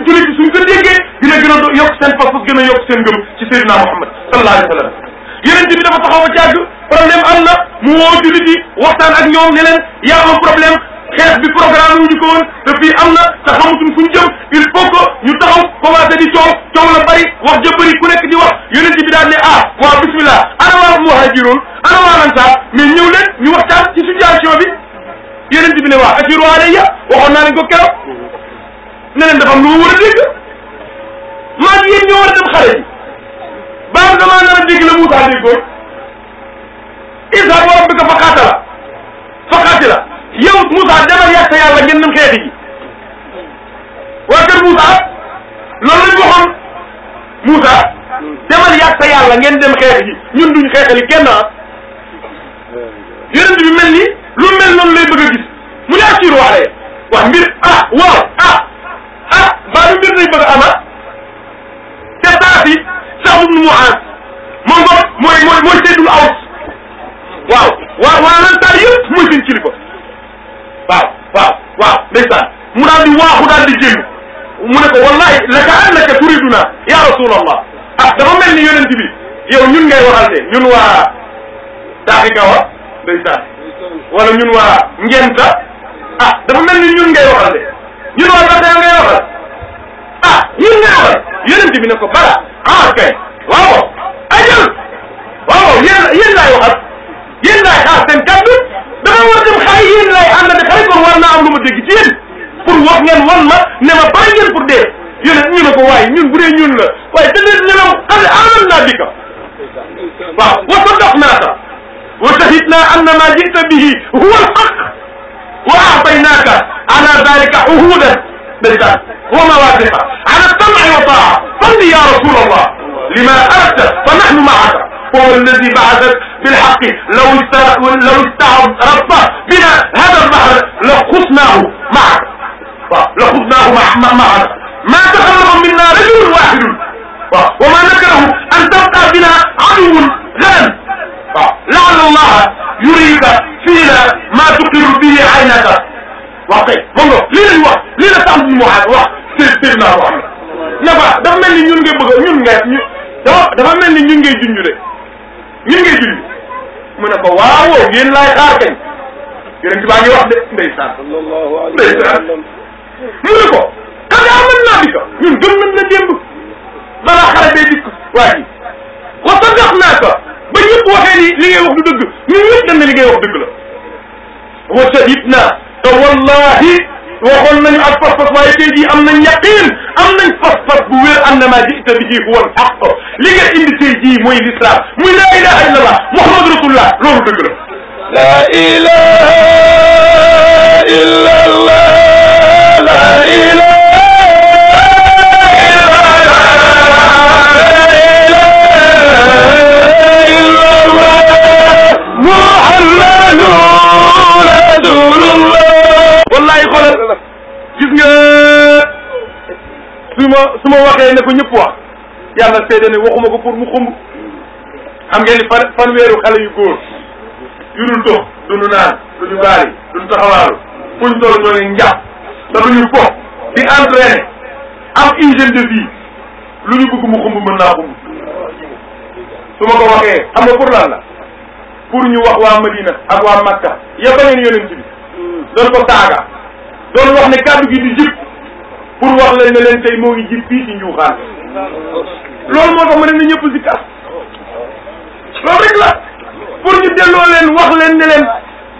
du du suñ ko déggee dina a yokk seen fas a yokk seen ngëm ci Seydina Muhammad sallallahu alayhi wa sallam yeneen bi dafa a jàgg problème am na mu woo jullit yi waxtaan ak ñoom ne leen yaa am problème xeex bi programme wu ñu ko woon te fii am na te xamatuñ fu ñu jëm il faut ñu taxaw commencé di coow coow la bari wax ja bari ku nekk di wax yeneen bi daal ne ah bi ne waa asiru alayya waxoon naa leen ko keroog ne leen dafa am lu ma war a dégg maa ngi yéen ñoo war a dem xare ji baam damaa nar a dégg la Moussa déggoon Isa wa rabbika faqaatala faqaatila yow Moussa demal yàq yàlla ngeen dem xeeti ji waa kër Moussa loolu lañ waxoon Moussa demal yàq yàlla ngeen dem xeeti ji ñun duñ xeetali kenn ah yonent bi mel ni lu mel noonu lay bëgg a gis mu ne assuré waale wax mbir ah waaw ah ah baa mbir nañ bëgg a ama te saa si sax mu mu ànd moom boog mooy mooy mooy seydul aws waaw waaw waaw lan taal yëpp mooy seen kilifa waaw waaw waaw ndeysaan mu daal di waaxu daal di jënd mu ko wallahi laka annaka turiduna ya rasulallah ah dafa mel ni yonent bi yow ñun ngay waxal de ñun waa Taaxi Gawa ndeysaan wala ñun waa Ngenta. ah dafa mel ni ñun ngay waxal de ñun waa Bakhsa ngay waxal ah ñun ngay waxal yonent bi ne ko bala en fait waaw ajal waaw yéen yéen laay waxal yéen laay xaar seen kàddu dafa war dem xare yéen laay ànd de xare kon war naa am lu ma dégg ci yéen pour wax ngeen wan ma ne ma bàyyi ngeen pour dee yonent ñu ne ko waaye ñun bu dee ñun la waaye te leen ñoom xam ne amal naa dikka waaw wa sadaq naa ta wa shahid naa anna ma jita bihi huwa al haq wa aataynaaka ala dalika uhudan ndeysaan wa mawaadiqa ala sam'i wa taa salli ya rasul allah lima aradta fa nahnu maaka wa huwa alladi ba'athaka bilhaqqi law ista law ista'rafta bina hada albahr la xusnaahu maaka waaw la xusnaahu maaka ma taxallaba minna rajulun wahidun waaw wa ma nakarahu an tabqa bina aduwwun gadan waaw laal allaha yurida fiina maa tuqiru bihi aynaka wax kay moom nga lii lañ wax lii la sàmm mu wax wax sëñ naa wax ne ko dafa mel ni ñun ngay bëgg ñun ngay ñu dafa dafa mel ni ñun ngay junj de ñun ngay mu ne ko waawoo yéen laay xaar kañ yéen ci baa ngi wax de ndeysaan ndeysaan mu ne ko xanaa mën naa di ko ñun gëm nañ la démb balaa xale bee dikk waa ji wa sadaqnaaka ba ñëpp waxee ni li ngay wax du dëgg ñun ñëpp dem na li ngay wax dëgg la wa shahid naa wallahi waxoon nañu ak pas-pas waaye tey jii am nañ yaqiin am nañ pas-pas bu am na maa jiita bi ji huwa al haqq li nga indi tey jii mooy l'islam muy la ilaha illallah muhammadu rasulullah loolu dëgg la la ilaha illallah la ilaha su ma waxee ne ko ñëpp wax yàlla seede ne waxuma ko pour mu xumb xam ngeen ni fan fanweeru xale yu góor yu dul dox duñu naan duñu baari duñu taxawaaru fuñ toll ñoo ne njàpp te duñu fo di entraîné am hygiène de lu ñu bëgg mu xumb mën naa xumb su ma ko waxee xam nga pour lan la pour ñu wax waa Madina ak waa Makka ya bañeen yonent bi doon ko saaga doon wax ne kàddu gi di jib pour wax leen ne leen tey moo ngi jib fii ci njuuxaan loolu moo tax ma ne na ñëpp si kas loolu rek la pour ñu delloo leen wax leen ne leen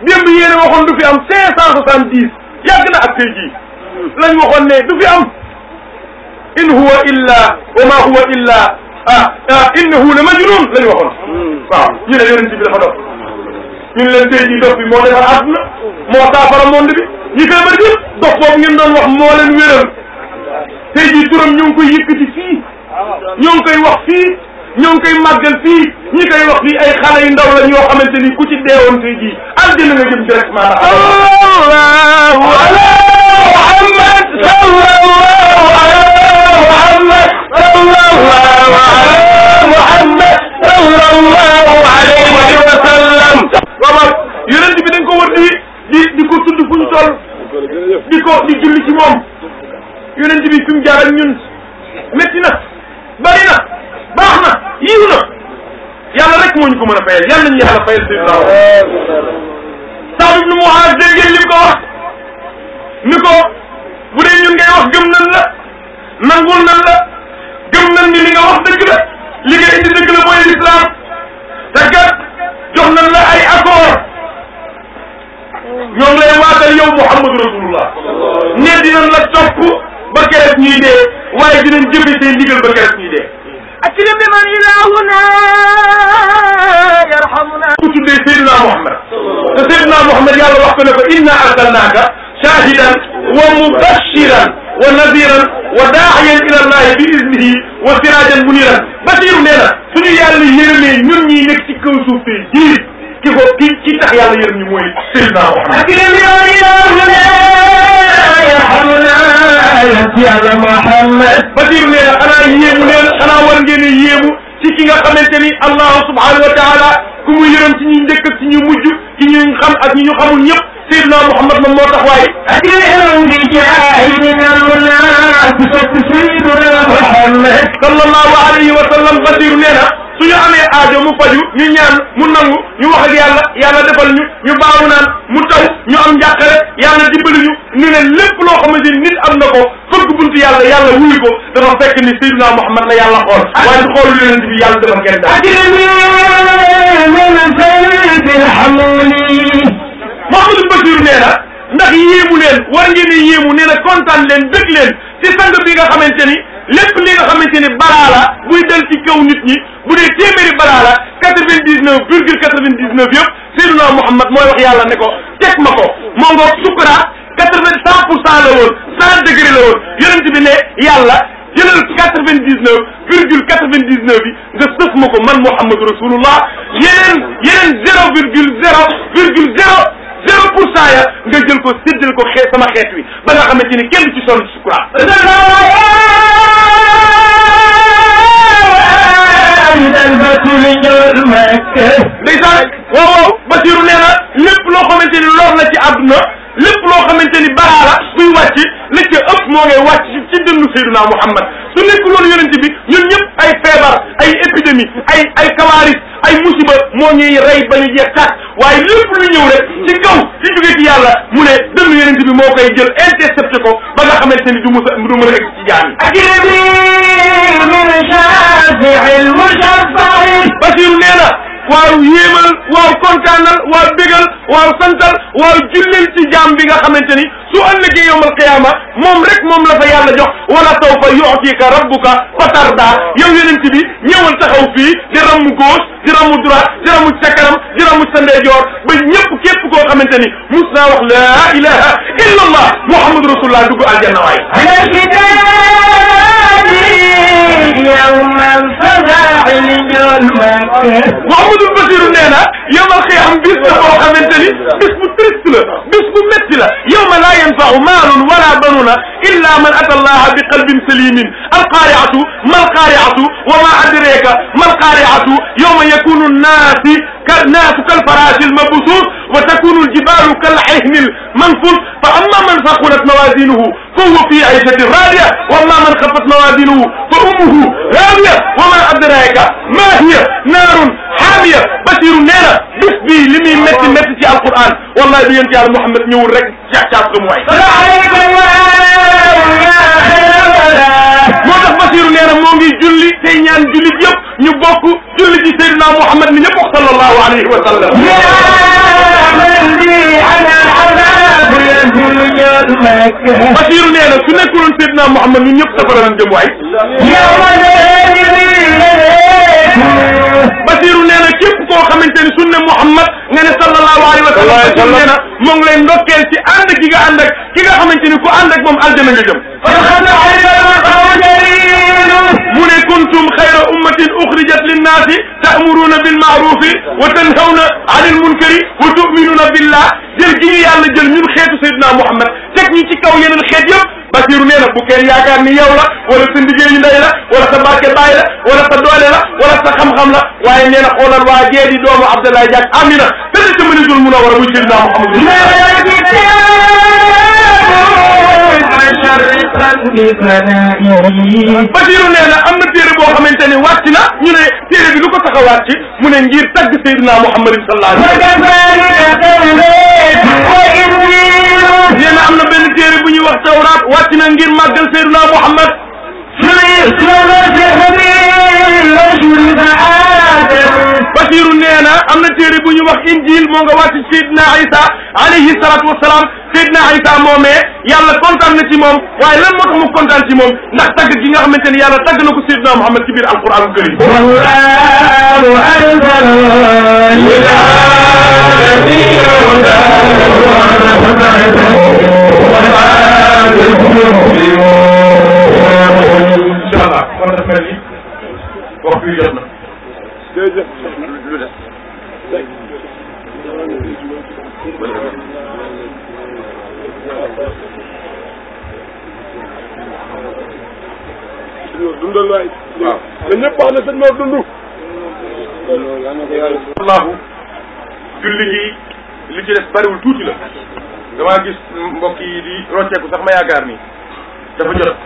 démb yéen waxoon du fi am cinq cent soixante dix yàgg na ak tey jii lañ waxoon ne du fi am in huwa illa wa ma huwa illa ah ah innahu la majnun lañ waxoon waaw ñu ne yonent bi dafa dof ñu ne leen tey jii dof bi moo defar àdduna moo saafara monde bi ñi feebar yëpp dof boobu ngeen doon wax moo leen wéral tey jii turam ñoo ngi koy yëkkati fii ñoo ngi koy wax fii ñoo ngi koy màggal fii ñi koy wax fii ay xale yu ndaw la ñoo xamante ni ku ci deewoon tey jii aljana nga jëm directement la allahu ala muhammad sallallahu ala muhammad sallallahu ala muhammad sallallahu alayhi wa sallam waaw yonent bi dañ ko war di di di ko tudd fu ñu toll di ko di julli ci moom yonent bi fi mu jaar ak ñun métti na bari na baax na yiw na yàlla rek moo ñu ko mën a fayal yàlla nañu yàlla fayal seen daaw. Saad ibnu Muaaz dégg ngeen li ko wax ni ko bu dee ñun ngay wax gëm nan la nangul nan la gëm nan ni li nga wax dëgg la li nga indi dëgg la mooy l'islam te kat jox nan la ay accord ñoo lay waatal yow Muhammad rasulullah ne dinañ la topp. ba keroog ñuy dee waaye dinañ jëfe seen ndigal ba keroog ñuy dee. akrim bi man ilaahuna yarhamuna. ku tuddee Seydina Mohamed. te Seydina Mohamed yàlla wax ko ne ko inna arsalnaaka shaahidan wa mubashiran wa nadiran wa daa'iyan ila allahi bi iznihi wa siraajan muniran Basiru nee na suñu yàlla yërëmee ñun ñi nekk ci kaw suuf te jiir ki ko ki ki tax yàlla yërëm ñu mooy Seydina Mohamed. akrim bi man ilaahuna yonent yàlla Muhammad Basiru nee na xanaa yéemu nee na xanaa war ngeen a yéemu ci ki nga xamante ni allahu subhanahu wa taala ku mu yërëm ci ñu njëkk ak ci ñu mujj ci ñu xam ak ñi ñu xamul ñëpp Seydina Muhammad moom moo tax waaye ajran bi jaahidinal munafiq Seydina Muhammad sallallahu alayhi wa sallam Basiru nee na su ñu amee aajo mu faju ñu ñaan mu nangu ñu wax ak defal ñu ñu baamu naan mu taw ñu am njàqare yàlla dimbali ñu ni ne lépp loo xamante ni nit am na ko fëgg buntu yàlla yàlla wuyu ko dafa fekk ni Seydina Muhammad la yàlla xool waaye du xool yonent bi yàlla dafa kenn daal Mouhamadou Bachir nee na ndax yéemu leen war ngeen a yéemu nee na kontaan leen dëgg leen ci sang bi nga xamante ni lépp li nga xamante ni balaa la buy dal ci kaw nit ñi bu dee téeméeri balaa la quatre-vingt-dix-neuf virgule quatre vingt Muhammad mooy wax yàlla ne ko teg ma ko moo ngoog sukuraat quatre-vingt cent pour cent la woon cent degré la woon yonent ne yàlla jëlal quatre vingt dix yi nga sëf ma ko man Muhammad rasulullah yeneen yeneen zéro virgule zéro virgule zéro zéro pour cent ya nga jël ko séddal ko xee sama xeet wi ba nga xamante ni kenn ci sonn ci courant ndeysaan waaw waaw Basiru nee na lépp loo xamante ni lor na ci àdduna lépp loo xamante ni baraa la buy wàcc la ca ëpp moo ngay wàcc ci dëndu Seydina Muhammad su nekk loolu yonent bi ñun ñëpp ay feebar ay épidémie ay ay ay musiba moo ñuy rey ba ñu jeex tàkk waaye lépp ñëw rek ci kaw ci jóge ci yàlla mu ne dëndu yonent bi moo koy jël intercepté ko ba nga xamante ni du mu du mën a egg ci jaam ba Basiru nee na waaw yéemal waaw kontaanal waaw bégal waaw santal waaw jullil ci jaam bi nga xamante ni su ëllëgee yowmal qiyaama moom rek moom la fa yàlla jox wala sawfa yu'tika rabbuka fatarda yow yonent bi ñëwal taxaw fii ta ramu gauche di ramu droite di ramu sa kanam di ramu sa ndeyjoor ba ñëpp képp koo xamante ni mus naa wax la ilaha illa allah muhammadu rasulullah dugg aljanna yawmal fadaa ilijol Makka. Mouhamadou Bassirou nee na yawmal qiyaama bis la boo xamante ni bis bu triste la bis bu métti la yawma laa yanfa'u maalun wala banuuna illa man ataa Allaha bi qalbin salimin alqaari'atu mal qaari'atu wa maa adraaka mal qaari'atu yawma yakunu nnaasi kannaasu kalfaraashi lmabsuus wa takunu ljibaalu kal'ihni lmanfuus fa amma man saqulat mawaaziinuhu فهو في عيشة راضية وأما من خفت موازينه فأمه هاوية وما أدراك ما هي نار حامية Basiru nee na bis bii li muy métti métti ci alquran wallahi bi yéen yàlla Muhammad ñëwul rek jaxcaat ko mu waay moo tax Basiru nee na moo ngi julli tey ñaan jullit yëpp ñu bokk julli ci Seydina Muhammad ni ñëpp wax sallallahu alayhi wa sallam Basiru nee na su nekkuloon Seydina Muhammad ñun ñëpp safara lañ jëm waay. Basiru nee na képp koo xamante ni sunna Muhammad nga ne sallallahu alayhi wa sallam. Basiru na mu ngi lay ndokkeel ci ànd ki nga ànd ak ki nga xamante ku ànd ak moom aljana nga jëm. mu ne kuntum xayra ummatin uxrijat linnaasi taamuruuna bilmaarufi wa tanhawna anil munkari wa tuminuuna billah jël gi ñu yàlla jël ñun xeetu Seydina Muhammad teg ñu ci kaw yeneen xeet yëpp Basiru nee na bu kenn yaakaar ni yow la wala sa liggéeyu ndey la wala sa barke baay la wala sa doole la wala sa xam-xam la waaye nee na xoolal waa jee di doomu Abdoulaye Diak Amina tëdd ca Madinatul Munawwara muy Seydina Muhammad Basiru nee na am na téere boo xamante ne wàcc na ñu ne téere bi lu ko tax a wàcc mu ne ngir tagg Seydina Muhammadin sallallahu alayhi wasallam nee na am na benn téere bu ñuy wax Tawraat wàcc na ngir màggal Seydina Muhammad Kathir nee na am na téere bu ñu wax injil moo nga wàcc Seydina Isa alayhi salaatu wasalaam Seydina Isa moomee yàlla kontaan na ci moom waaye lan moo tax mu kontaan ci moom ndax tagg gi nga xamante ni yàlla tagg na ko Seydina Muhammad ci biir alquraan karim incha allah kon dafa mel ni wax bi jot na dundal waay. waaw mais ñëpp wax na sëñ Mor dund. allahu julli ci des bariwul tuuti la damaa gis mbokk yi di rocceeku sax ma yaakaar ni dafa jot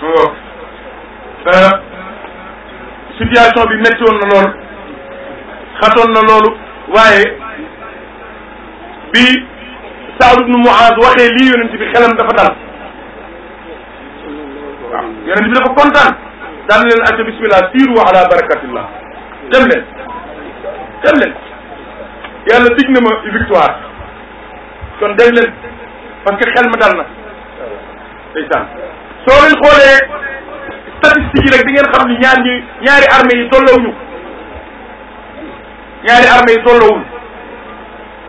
mu euh, situation bi na lool xatoon na loolu waaye bi Saad ibnu Muaz waxee lii yonent bi xelam dafa dal waaw yonent bi dafa kontaan daan leen acca bismillah siiru ala barakatillah dem leen dem leen yàlla dig na ma victoire kon dem leen parce xel ma dal na ndeysaan soo leen xoolee statistiques yi rek di xam ni ñaar ñi ñaari armée yi tolloowuñu ñaari armée yi tolloowul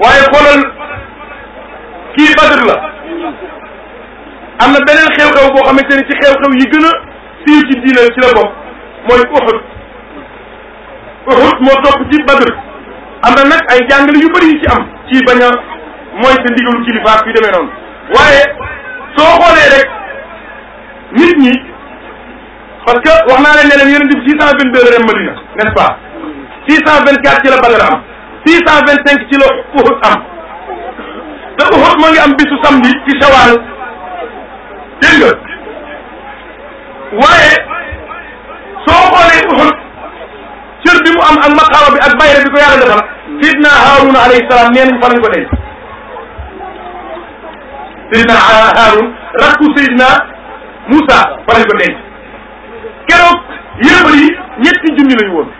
waaye xoolal kii Badr la am na beneen xew-xew boo xamante ni ci xew-xew yi gën a siiw ci diine ci la bopp mooy Uhud Uhud moo topp ci Badr am na nag ay jàngale yu bëri yu ci am ci bañ a mooy sa ndigalu kilifaat yu demee noonu waaye soo xoolee rek nit ñi parce que wax naa leen ne leen yonent bi six cent vingt Madina nest six cent vingt quatre ci la Badar am six cent vingt cinq ci la Uhud am te Uhud moo ngi am bisu samedi ci Shawal dégg waaye soo xoolee Uhud cër bi mu am ak maqaama bi ak bayre bi ko yàlla defal sidna Haaruna alayhi salaam nee nañ fa ko denc sidna Haarun rakku sidna Moussa fa lañ ko denc keroog yéefar yi ñetti junni lañu woon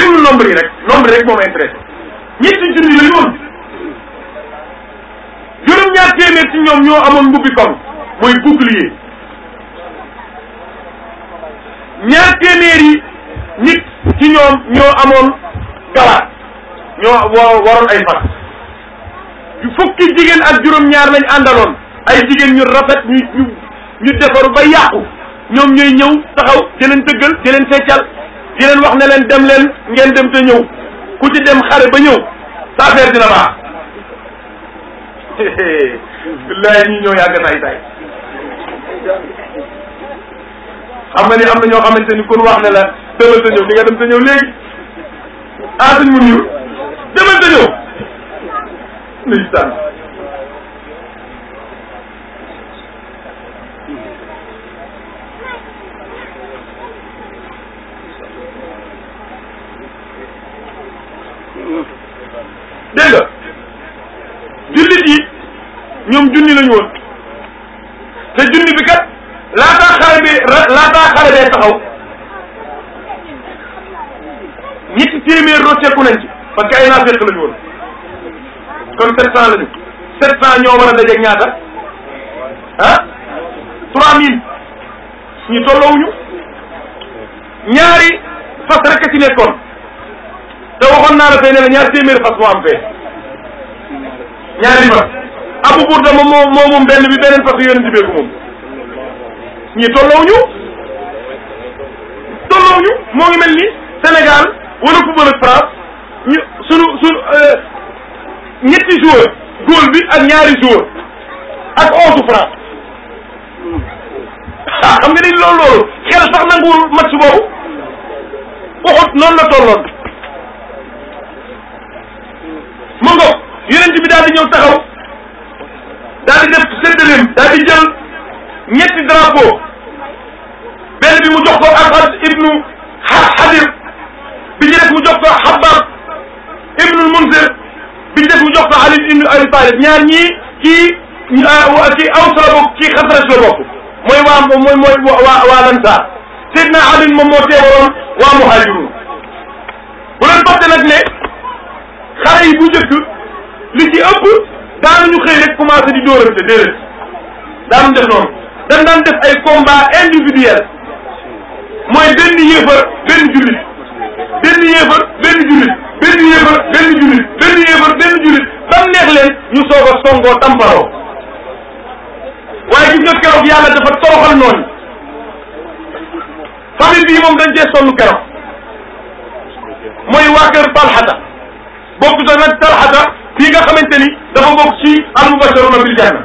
déglu nombre yi rek nombre rek moo ma intéressé ñetti junni yooyu moom juróom-ñaar téeméer ci ñoom ñoo amoon mbubbi koŋ mooy bouclier ñaar téeméer yi nit ci ñoom ñoo amoon galaat ñoo waroon ay fas fukki jigéen ak juróom-ñaar lañ àndaloon ay jigéen ñu rafet ñu ñu ñu defaru ba yàqu ñoom ñooy ñëw taxaw di leen tëggal di di leen wax ne leen dem leen ngeen dem te ñëw ku ci dem xare ba ñëw sa affaire dina baax billaay ñi ñoo yàgg tay tay xam nga ni am na ñoo xamante ni kon wax ne la demal te ñëw di nga dem te ñëw léegi ah suñ mu niw demal te ñëw ndeysaan dégg nga jullit yi ñoom junni lañu woon te junni bi kat laataa xare bi laataa xare bee taxaw ñetti téeméer rocceeku nañ ci parce que ay naafeq lañu woon kon sept cent lañu sept cent ñoo war a dajeeg ñaata ah trois mille ñu tolloowuñu ñaari fas rek a ci nekkoon te waxoon naa la tey ne la ñaar téeméeri fas moo am fee ñaari fas abu burda moom moo moo moom benn bi beneen fas yonent bee ko moom ñi tolloo ñu tolloo ñu moo ngi mel ni Sénégal wala football ak France ñu sunu sunu euh, ñetti joueur góol bi ak ñaari joueur ak onze francs ah xam nga ni loolu loolu xel sax nanguwul match boobu waxut noonu la tolloon ma ngoog yonent bi daal di ñëw taxaw daal di def séddaleem daal di jël ñetti bi mu jox ibnu Hadir bi ci def mu jox ko Habab bi ci def mu jox ko Ali ibnu Abi Talib ñaar ñii kii ci ah, Aws la bokk ci Xasraj mooy waa mooy waa waa Ansaar Seydina Ali moom moo teewaroon waa Muhaajiruun bu leen fàtte nag ne xare yi bu njëkk li ci ëpp daanañu xëy rek commencé di dóorante déedéet daanañ def noonu dañ daan def ay combat individuel mooy benn yéefar benn jullit benn yéefar benn jullit benn yéefar benn jullit benn yéefar benn jullit bam neex leen ñu soog a songoo tamparoo waaye gis nga keroog yàlla dafa toroxal noonu famille bii moom dañ cee sonn keroog mooy waa kër Balxata bokk sa nag talxata fii nga xamante ni dafa bokk ci almubasharuna bil janna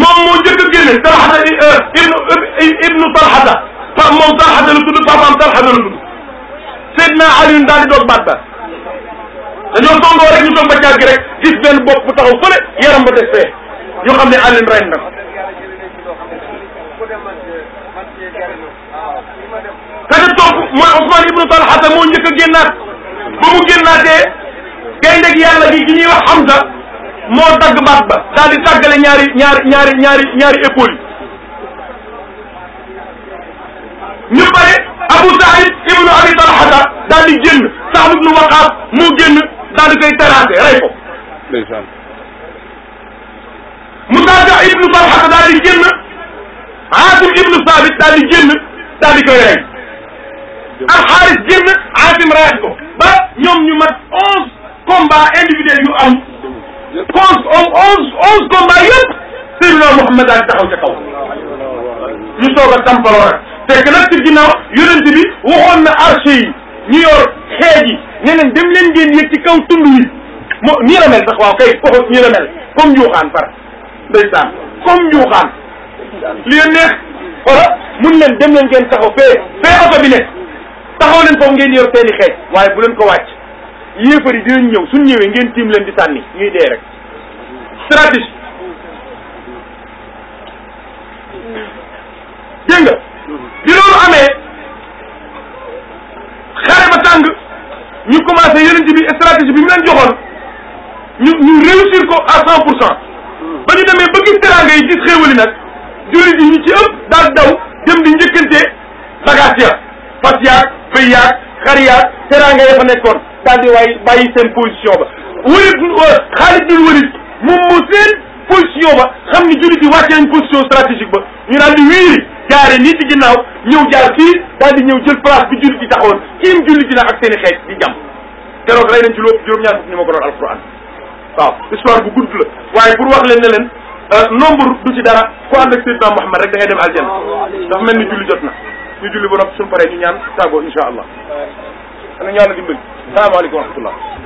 moom moo njëkk a génne talxata eh, eh, ibnu eh, ibnu talxata pa moom talxata la tudd papaam talxata la tudd Seydina Alioune daal di doog baat ba dañoo songoo rek ñu toog ba càgg rek gis benn bopp bu taxaw fële yaram ba des fee ñu xam ne Alioune rey na ka ca topp mooy Ousmane ibnu talxata moo njëkk a génnaat ba mu génnaatee gaynde gi yàlla gi gi ñuy wax Hamza moo dagg baat ba daal di tàggale ñaari ñaari ñaari Abu Saïd ibnu Abi Talhata daal di génn Saad ibnu Waqaas moo génn daal di koy terrasser rey ko Musaada ibnu Talhata daal di génn Aasim ibnu Saabit daal di génn daal alxaaris génn Aasim raaj ko ba ñoom ñu ma onze combats individuels yu am onze onze onze combats yëpp Seydina Muhammad daal taxaw ca kaw ñu soog a tampaloo rek fekk nag ci ginnaaw yonent bi waxoon na arché yi ñu yor xeej yi ñeneen dem leen ngeen yëg ci kaw tund wi moo nii la mel sax waaw kay poxos nii la mel comme njuuxaan far ndeysaan comme njuuxaan li leen neex wala mun leen dem leen ngeen taxaw fee fee oto bi nekk taxaw leen foofu ngeen yor seen i xeej waaye bu leen ko wàcc yéefar yi dinañ ñëw suñ ñëwee ngeen tiim leen di sànni ñuy dee rek stratégie dégg nga loolu amee xare ba tàng ñu commencé yere ci bi stratégie bi mu leen joxoon ñu ñu réussir ko à cent pour cent ba ñu demee ba gis teraanga yi gis xéewali nag jullit ci ëpp daal daw dem di njëkkante bagage ya fas bëy yaag xar yaag teraanga ya fa nekkoon daal di waay bàyyi seen position ba Walid Xaalid bin Walid moom moo seen position ba xam ni jullit yi wàcce nañ position stratégique ba ñu daal di wiiri jaare nii ci ginnaaw ñëw jaar fii daal di ñëw jël place bi jullit yi taxawoon kiim jullit yi nag ak di jam keroog rey nañ ci lu juróom-ñaar fukk ni ma ko doon alquran so histoire bu gudd la waaye pour wax leen ne len euh, nombre du ci dara ku ànd ak Seydina Muhammad rek da ngay dem aljanna dafa mel ni ñu julli ba noppi suñu paree ñu ñaan tàggoo incha allah. xanaa ñaan dimbali salaamaaleykum wa rahmatullah